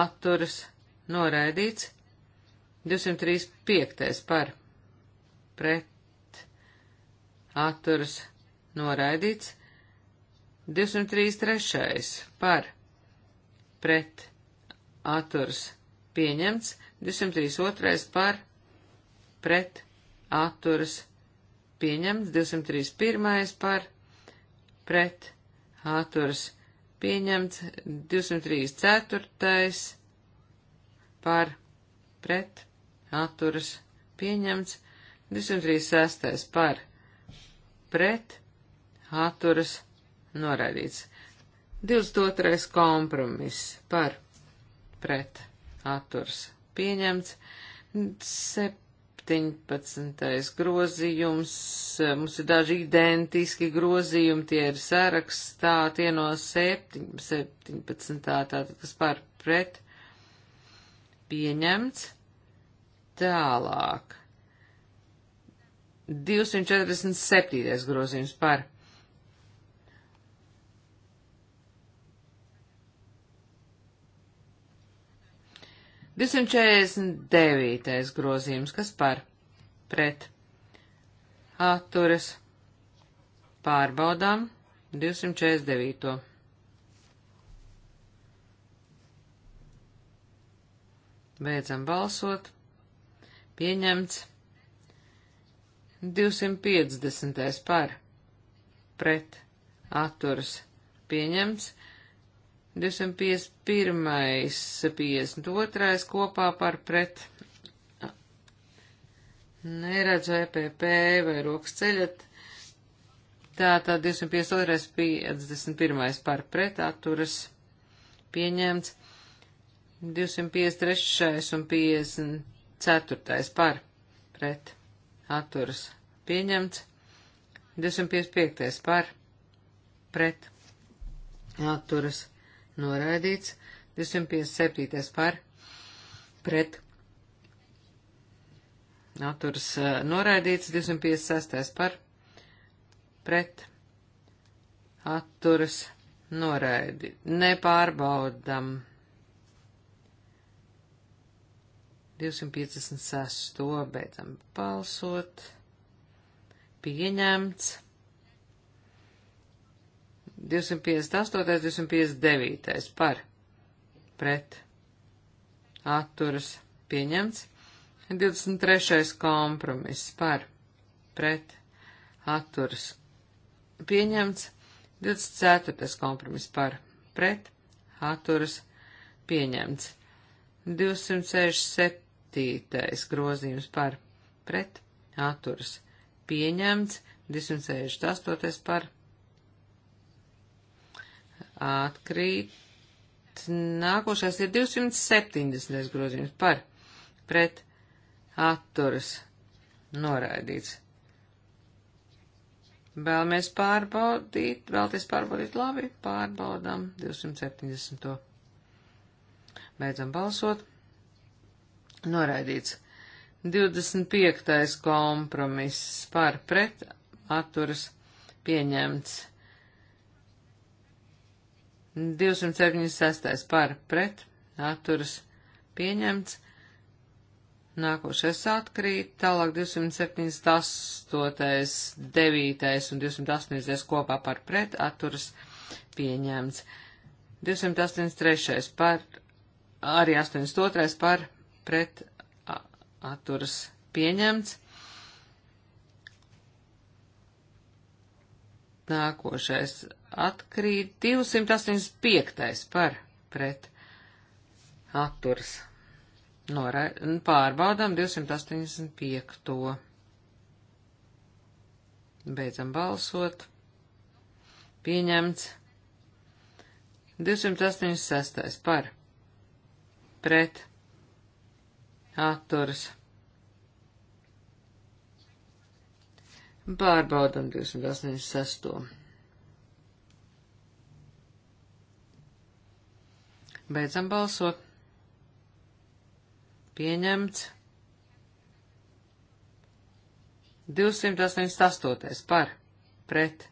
atturas noraidīts. 235. par pret atturas noraidīts. 233. par pret atturas pieņemts. 232. par pret atturas pieņemts, 231 par pret atturas pieņemts, 234 par pret atturas pieņemts, 236 par pret atturas noraidīts. 22. kompromiss par pret atturas pieņemts, 7 17. grozījums, mums ir daži identiski grozījumi, tie ir sarakstā, tie no 7, 17. tātad, kas par pret pieņemts. Tālāk. 247. grozījums par pret 249. grozījums, kas par pret atturas pārbaudām 249. Beidzam balsot. Pieņemts 250. par pret atturas pieņemts 251, 52 kopā par pret. Neredzu EPP vai rokas ceļat. Tātad 252, 51 par pret atturas pieņemts. 253 un 54 par pret atturas pieņemts. 255 par pret atturas pieņemts noraidīts, 257. par, pret, atturs eh, noraidīts, 256. par, pret, atturs noraidi, nepārbaudam. 256. beidzam balsot. Pieņemts. 258, 259 par pret atturas pieņemts. 23. kompromiss par pret atturas pieņemts. 24. kompromiss par pret atturas pieņemts. 267. grozījums par pret atturas pieņemts. 268. par pret atkrīt. Nākošais ir 270. grozījums par pret atturas noraidīts. Vēlamies pārbaudīt, vēlties pārbaudīt labi, pārbaudām 270. Beidzam balsot. Noraidīts. 25. kompromiss par pret atturas pieņemts. 276. par pret atturas pieņemts. Nākošais atkrīt, tālāk 278, 9 un 280 kopā par pret atturas pieņemts. 283 par, arī 82 par pret atturas pieņemts. Nākošais atkrīt 285. par pret atturs. Norai, pārbaudām 285. To. Beidzam balsot. Pieņemts. 286. par pret atturs. Pārbaudam 286. Beidzam balsot. Pieņemts. 288. par pret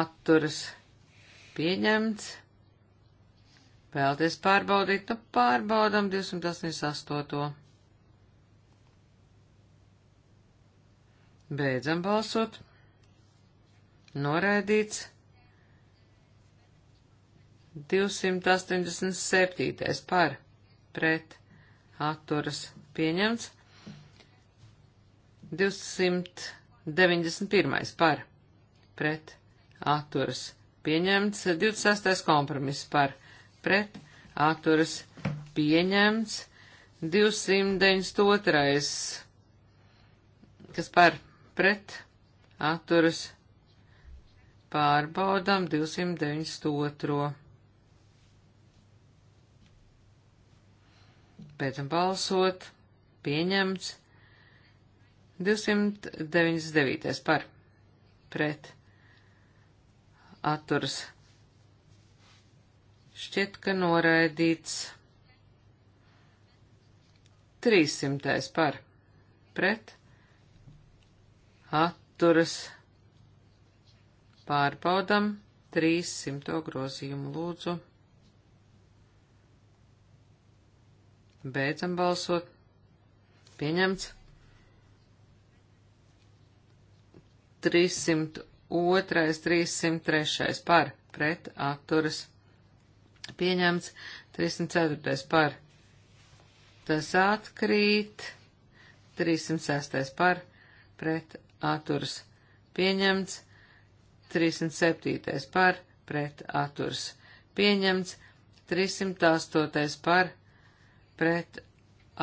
atturas pieņemts. Vēlties pārbaudīt, nu pārbaudam 288. Beidzam balsot. Noraidīts. 287. par pret atturas pieņemts. 291. par pret atturas pieņemts. 26. kompromiss par pret atturas pieņemts. 292. kas par pret pret atturas pārbaudām 292. Pēc tam balsot pieņemts 299. par pret atturas. Šķiet, ka noraidīts 300. par pret atturas pārbaudam 300 grozījumu lūdzu. Beidzam balsot. Pieņemts. 302, 303 par pret atturas. Pieņemts 304 par. Tas atkrīt. 306 par pret atturas pieņemts, 307. par pret atturas pieņemts, 308. par pret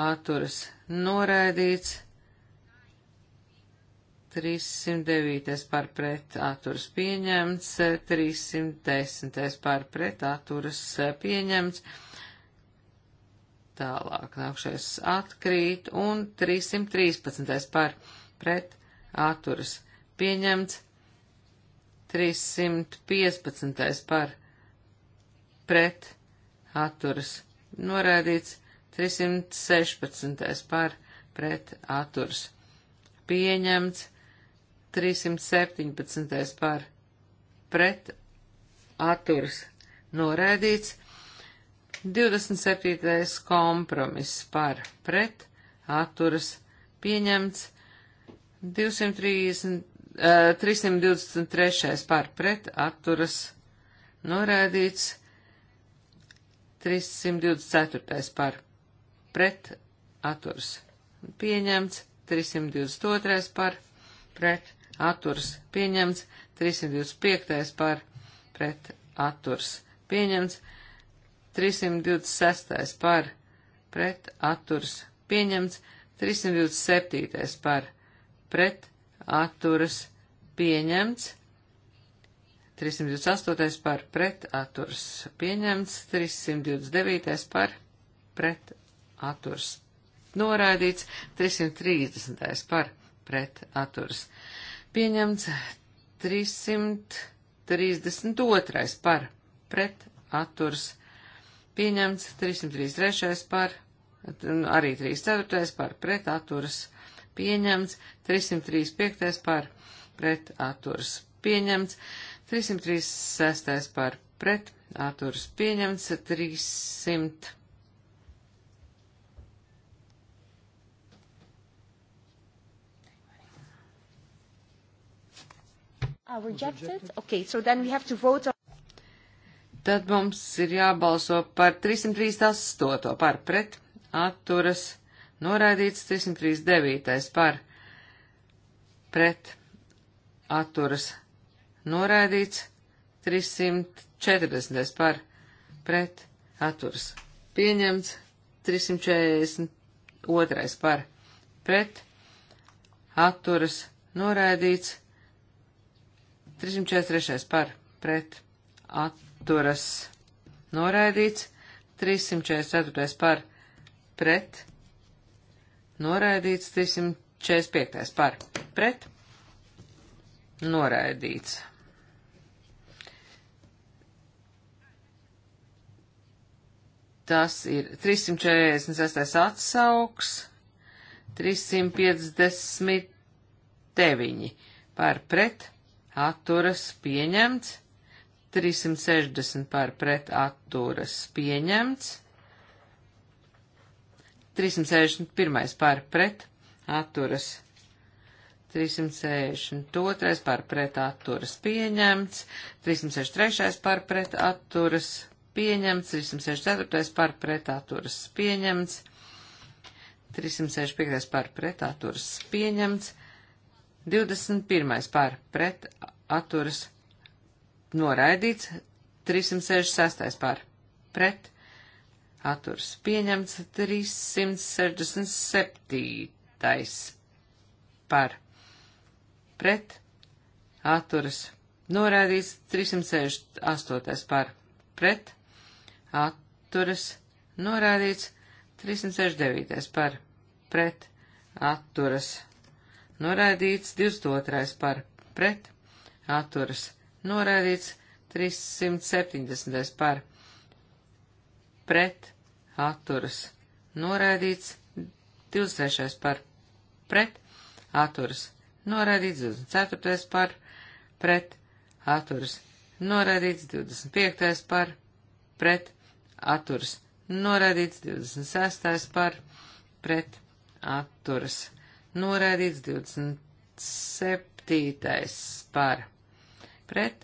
atturas noraidīts, 309. par pret atturas pieņemts, 310. par pret atturas pieņemts, tālāk nākšais atkrīt un 313. par pret atturas pieņemts, 315. par pret atturas norādīts, 316. par pret atturas pieņemts, 317. par pret atturas norādīts, 27. kompromiss par pret atturas pieņemts, 230, uh, 323 par pret atturas norēdīts, 324 par pret atturas pieņemts, 322 par pret atturas pieņemts, 325 par pret atturas pieņemts, 326 par pret atturas pieņemts, 327 par pret pret atturas pieņemts. 328. par pret atturas pieņemts, 329. par pret atturas noraidīts, 330. par pret atturas pieņemts, 332. par pret atturas pieņemts, 333. par arī 34. par pret atturas pieņemts pieņemts, 335. par pret atturas pieņemts, 336. par pret atturas pieņemts, 300. Are rejected? Okay, so then we have to vote on tad mums ir jābalso par 338 par pret atturas noraidīts, 339. par pret atturas noraidīts, 340. par pret atturas pieņemts, 342. par pret atturas noraidīts, 343. par pret atturas noraidīts, 344. par pret Noraidīts 345. par. Pret. Noraidīts. Tas ir 346. atsauks. 359. par pret. Atturas pieņemts. 360 par pret atturas pieņemts. 361. par pret atturas. 362. par pret atturas pieņemts. 363. par pret atturas pieņemts. 364. par pret atturas pieņemts. 365. par pret atturas pieņemts. 21. par pret atturas noraidīts. 366. par pret atturas Atturs pieņemts 367. par pret. Atturs norādīts 368. par pret. Atturs norādīts 369. par pret. Atturs norādīts 22. par pret. Atturs norādīts 370. par pret pret, atturas, noraidīts, 23. par, pret, atturas, noraidīts, 24. par, pret, atturas, noraidīts, 25. par, pret, atturas, noraidīts, 26. par, pret, atturas, noraidīts, 27. par, pret,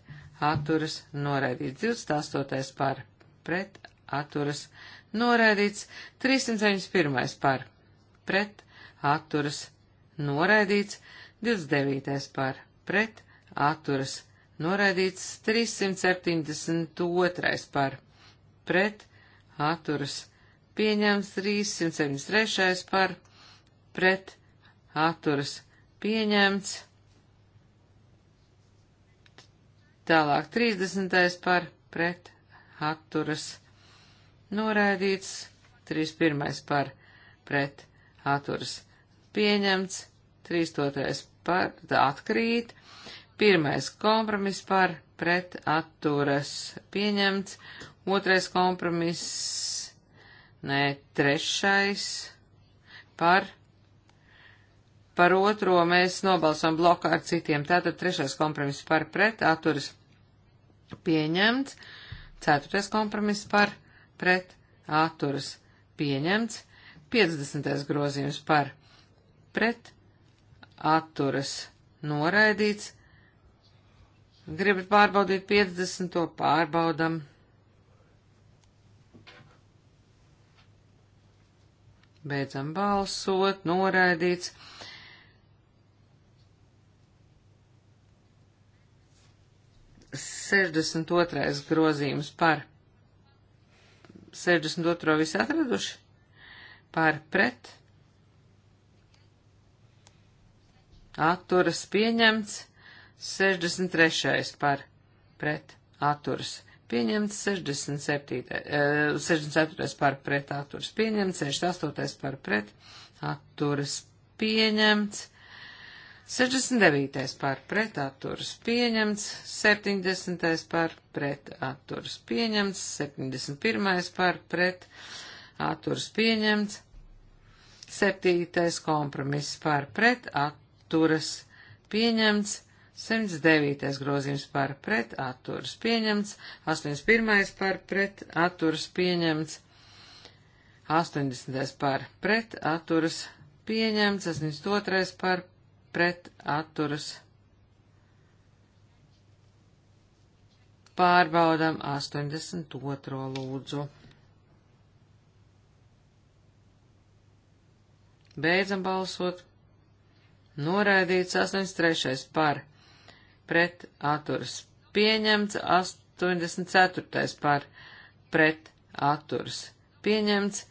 atturas, noraidīts, 28. par, pret, atturas noraidīts, 371 par, pret, atturas noraidīts, 29 par, pret, atturas noraidīts, 372 par, pret, atturas pieņemts, 373 par, pret, atturas pieņemts. Tālāk 30. par pret atturas noraidīts, 3.1. par pret atturas pieņemts, 3.2. par atkrīt, 1. kompromis par pret atturas pieņemts, 2. kompromis, nē, 3. par Par otro mēs nobalsam blokā ar citiem. Tātad trešais kompromiss par pret atturas pieņemts. Ceturtais kompromiss par pret pret atturas pieņemts, 50. grozījums par pret atturas noraidīts. Gribat pārbaudīt 50. pārbaudam. Beidzam balsot, noraidīts. Sešdesmit otrais grozījums par 62. visi atraduši? Par pret. Atturas pieņemts. 63. par pret. Atturas pieņemts. 67. Uh, 64. par pret. Atturas pieņemts. 68. par pret. Atturas pieņemts. 69. par pret atturas pieņemts, 70. par pret atturas pieņemts, 71. par pret atturas pieņemts, 7. kompromiss par pret atturas pieņemts, 109. grozījums par pret atturas pieņemts, 81. par pret atturas pieņemts, 80. par pret atturas pieņemts, 82. par pret atturas. Pārbaudam 82. lūdzu. Beidzam balsot. Noraidīts 83. par. Pret atturas. Pieņemts 84. par. Pret atturas. Pieņemts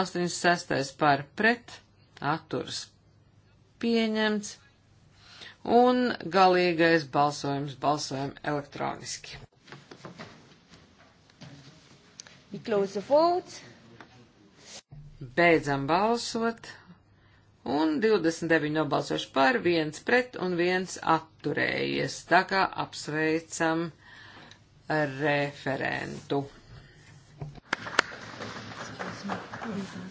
86. par. Pret atturas pieņemts. Un galīgais balsojums balsojam elektroniski. We close the vote. Beidzam balsot. Un 29 nobalsoši par, viens pret un viens atturējies. Tā kā apsveicam referentu. Excuse me.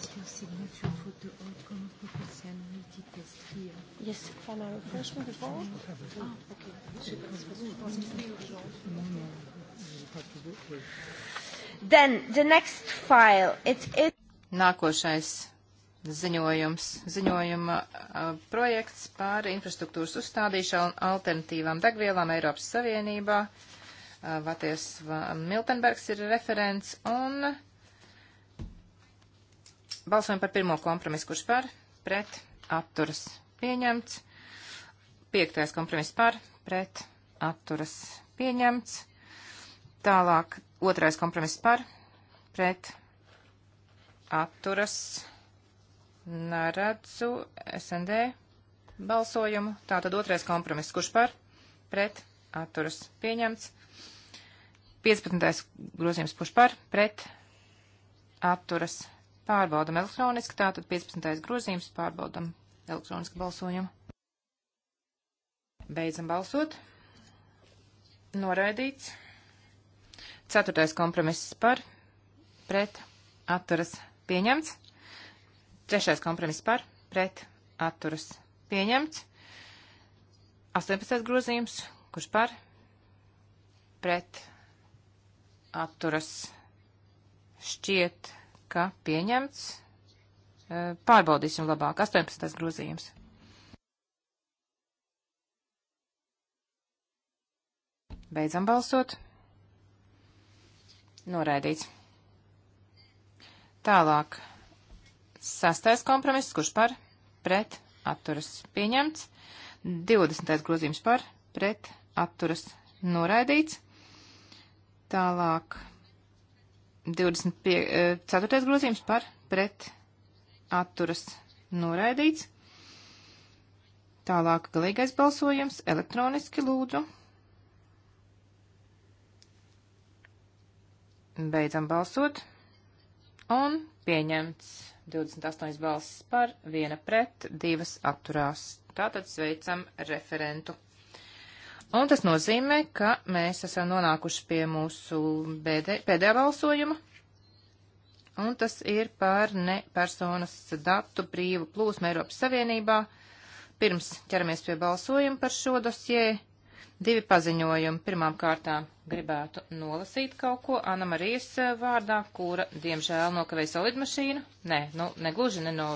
Yes, from a refreshment before? Ah, okay. Je pense pas Non, non, pas tout Then the next file, it is... Nākošais ziņojums, ziņojuma uh, projekts par infrastruktūras uzstādīšanu alternatīvām degvielām Eiropas Savienībā. Uh, Vaties uh, Miltenbergs ir referents un balsojam par pirmo kompromisu, kurš par pret atturas pieņemts. Piektais kompromiss par, pret, atturas pieņemts. Tālāk otrais kompromiss par, pret, atturas neredzu SND balsojumu. Tātad otrais kompromiss, kurš par, pret, atturas pieņemts. 15. grozījums, kurš par, pret, atturas pārbaudam elektroniski, tātad 15. grozījums pārbaudam Elektroniski balsojam. Beidzam balsot. Noraidīts. Ceturtais kompromiss par, pret, atturas pieņemts. Trešais kompromiss par, pret, atturas pieņemts. 18. grozījums, kurš par, pret, atturas šķiet, ka pieņemts pārbaudīsim labāk. 18. grozījums. Beidzam balsot. Noraidīts. Tālāk. Sastais kompromiss, kurš par, pret, atturas pieņemts. 20. grozījums par, pret, atturas noraidīts. Tālāk. 24. Eh, grozījums par, pret, atturas noraidīts. Tālāk galīgais balsojums elektroniski lūdzu. Beidzam balsot. Un pieņemts 28 balsis par, viena pret, divas atturās. Tātad sveicam referentu. Un tas nozīmē, ka mēs esam nonākuši pie mūsu bēdē, pēdējā balsojuma un tas ir par ne personas datu brīvu plūsmu Eiropas Savienībā. Pirms ķeramies pie balsojuma par šo dosjē, divi paziņojumi. Pirmām kārtām gribētu nolasīt kaut ko Anna Marijas vārdā, kura, diemžēl, nokavēja savu lidmašīnu. Nē, nu, negluži ne no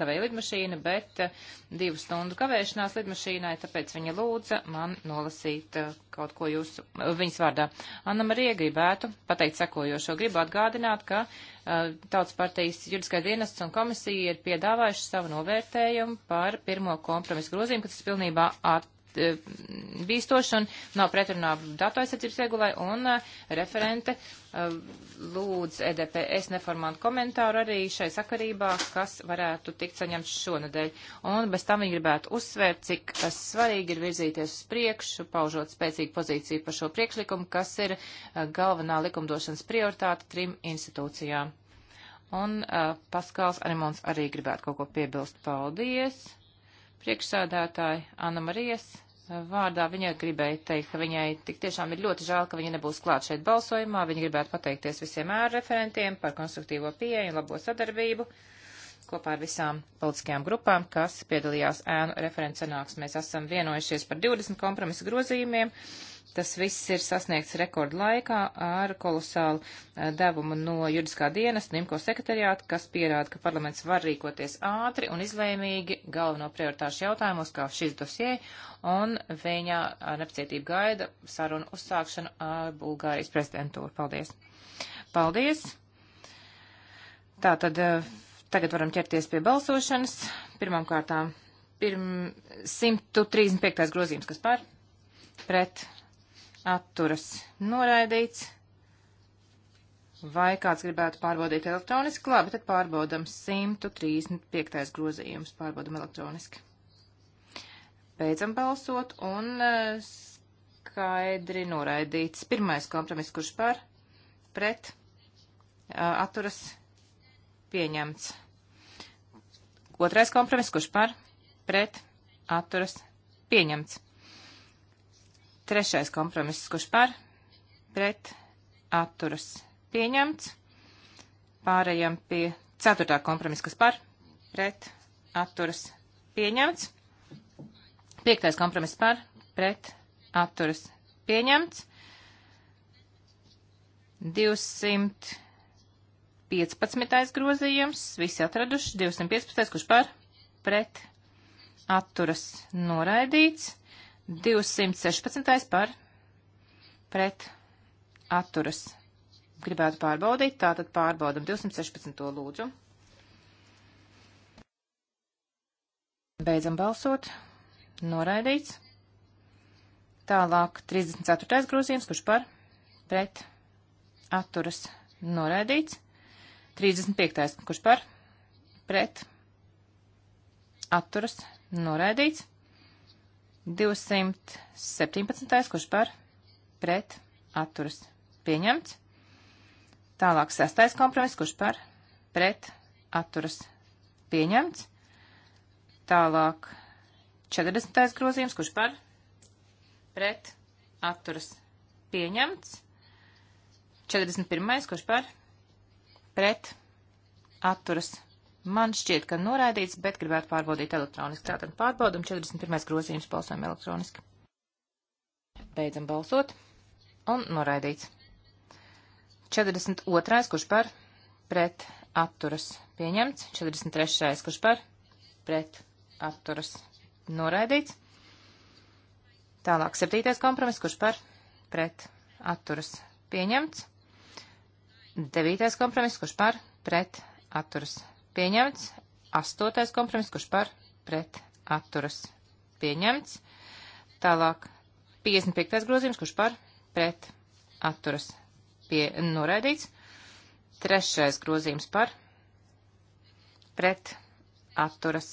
atkavēja lidmašīna, bet eh, divu stundu kavēšanās lidmašīnai, tāpēc viņa lūdza man nolasīt eh, kaut ko jūsu, eh, viņas vārdā. Anna Marija gribētu pateikt sekojošo. Gribu atgādināt, ka Tautas partijas juridiskais dienests un komisija ir piedāvājuši savu novērtējumu par pirmo kompromisu grozījumu, kas ir pilnībā at E, bīstoši un nav pretrunā datu aizsardzības regulai un uh, referente uh, lūdz EDPS neformālu komentāru arī šai sakarībā, kas varētu tikt saņemts šonadēļ. Un bez tam viņi gribētu uzsvērt, cik uh, svarīgi ir virzīties uz priekšu, paužot spēcīgu pozīciju par šo priekšlikumu, kas ir galvenā likumdošanas prioritāte trim institūcijām. Un uh, Paskāls Arimons arī gribētu kaut ko piebilst. Paldies! priekšsādātāja Anna Marijas eh, vārdā. Viņa gribēja teikt, ka viņai tik tiešām ir ļoti žēl, ka viņa nebūs klāt šeit balsojumā. Viņa gribētu pateikties visiem ārreferentiem par konstruktīvo pieeju un labo sadarbību kopā ar visām politiskajām grupām, kas piedalījās ēnu referents sanāksmēs. Esam vienojušies par 20 kompromisu grozījumiem Tas viss ir sasniegts rekordlaikā ar kolosālu eh, devumu no juridiskā dienas Nimko sekretariāta, kas pierāda, ka parlaments var rīkoties ātri un izlēmīgi galveno prioritāšu jautājumos, kā šis dosie, un viņa eh, nepacietība gaida sarunu uzsākšanu ar Bulgārijas prezidentūru. Paldies! Paldies! Tātad eh, tagad varam ķerties pie balsošanas. Pirmām kārtām pirm, 135. grozījums, kas par? Pret atturas noraidīts. Vai kāds gribētu pārbaudīt elektroniski? Labi, tad pārbaudam 135. grozījums, pārbaudam elektroniski. Beidzam balsot un eh, skaidri noraidīts. Pirmais kompromiss, kurš par, pret, eh, atturas pieņemts. Otrais kompromiss, kurš par, pret, atturas pieņemts. Trešais kompromiss, kurš par pret atturas pieņemts. Pārējām pie ceturtā kompromisa, kas par pret atturas pieņemts. Piektais kompromiss par pret atturas pieņemts. 215. grozījums, visi atraduši, 215. kurš par pret atturas noraidīts. 216. par pret atturas. Gribētu pārbaudīt, tātad pārbaudam 216. lūdzu. Beidzam balsot. Noraidīts. Tālāk 34. grozījums, kurš par pret atturas noraidīts. 35. kurš par pret atturas noraidīts. 217. kurš par pret atturas pieņemts. Tālāk sestais kompromiss, kurš par pret atturas pieņemts. Tālāk 40. grozījums, kurš par pret atturas pieņemts. 41. kurš par pret atturas pieņemts Man šķiet, ka noraidīts, bet gribētu pārbaudīt elektroniski. Tātad pārbaudam 41. grozījums balsojam elektroniski. Beidzam balsot. Un noraidīts. 42. kurš par pret atturas pieņemts. 43. kurš par pret atturas noraidīts. Tālāk 7. kompromiss, kurš par pret atturas pieņemts. 9. kompromiss, kurš par pret atturas pieņemts pieņemts. Astotais kompromiss, kurš par pret atturas pieņemts. Tālāk 55. grozījums, kurš par pret atturas pie noraidīts. Trešais grozījums par pret atturas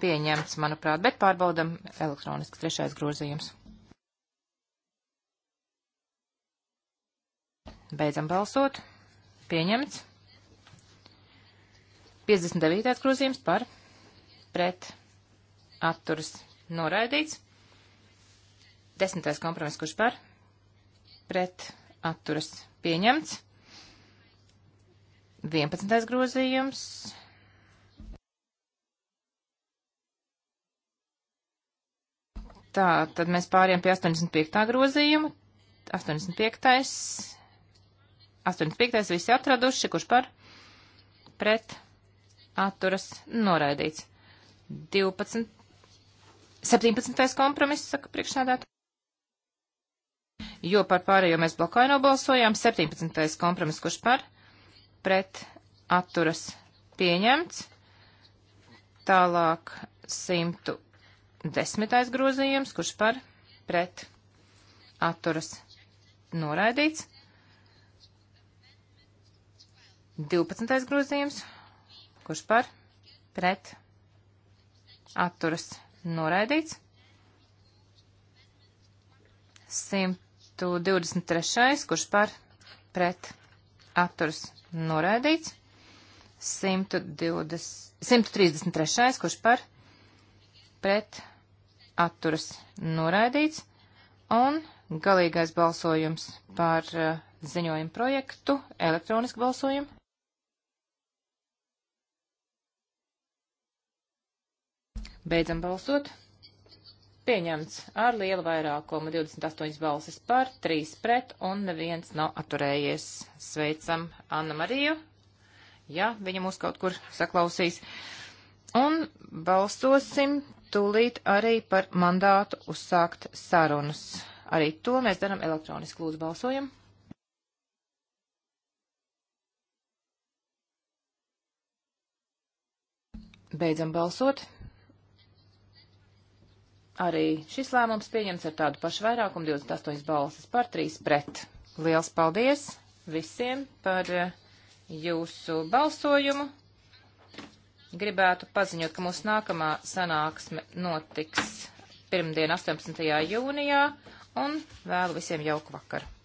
pieņemts, manuprāt, bet pārbaudam elektroniski trešais grozījums. Beidzam balsot. Pieņemts. 59. grozījums par pret atturas noraidīts. 10. kompromiss, kurš par pret atturas pieņemts. 11. grozījums. Tā, tad mēs pāriem pie 85. grozījuma. 85. 85. visi atraduši, kurš par pret atturas noraidīts. 12. 17. kompromiss, saka priekšsēdētājs. Jo par pārējo mēs blokā nobalsojām. 17. kompromiss, kurš par pret atturas pieņemts. Tālāk 110. grozījums, kurš par pret atturas noraidīts. 12. grozījums, Kurš par? Pret. Atturas noraidīts. 123. Kurš par? Pret. Atturas noraidīts. 120, 133. Kurš par? Pret. Atturas noraidīts. Un galīgais balsojums par uh, ziņojumu projektu, elektronisku balsojumu. Beidzam balsot. Pieņemts ar lielu vairākumu 28 balsis par, 3 pret un neviens nav atturējies. Sveicam Anna Mariju, ja viņa mūs kaut kur saklausīs. Un balsosim tūlīt arī par mandātu uzsākt sarunas. Arī to mēs darām elektroniski. Lūdzu, balsojam! Beidzam balsot. Arī šis lēmums pieņems ar tādu pašu vairākumu 28 balsis par 3 pret. Liels paldies visiem par eh, jūsu balsojumu. Gribētu paziņot, ka mūsu nākamā sanāksme notiks pirmdien 18. jūnijā un vēlu visiem jauku vakaru.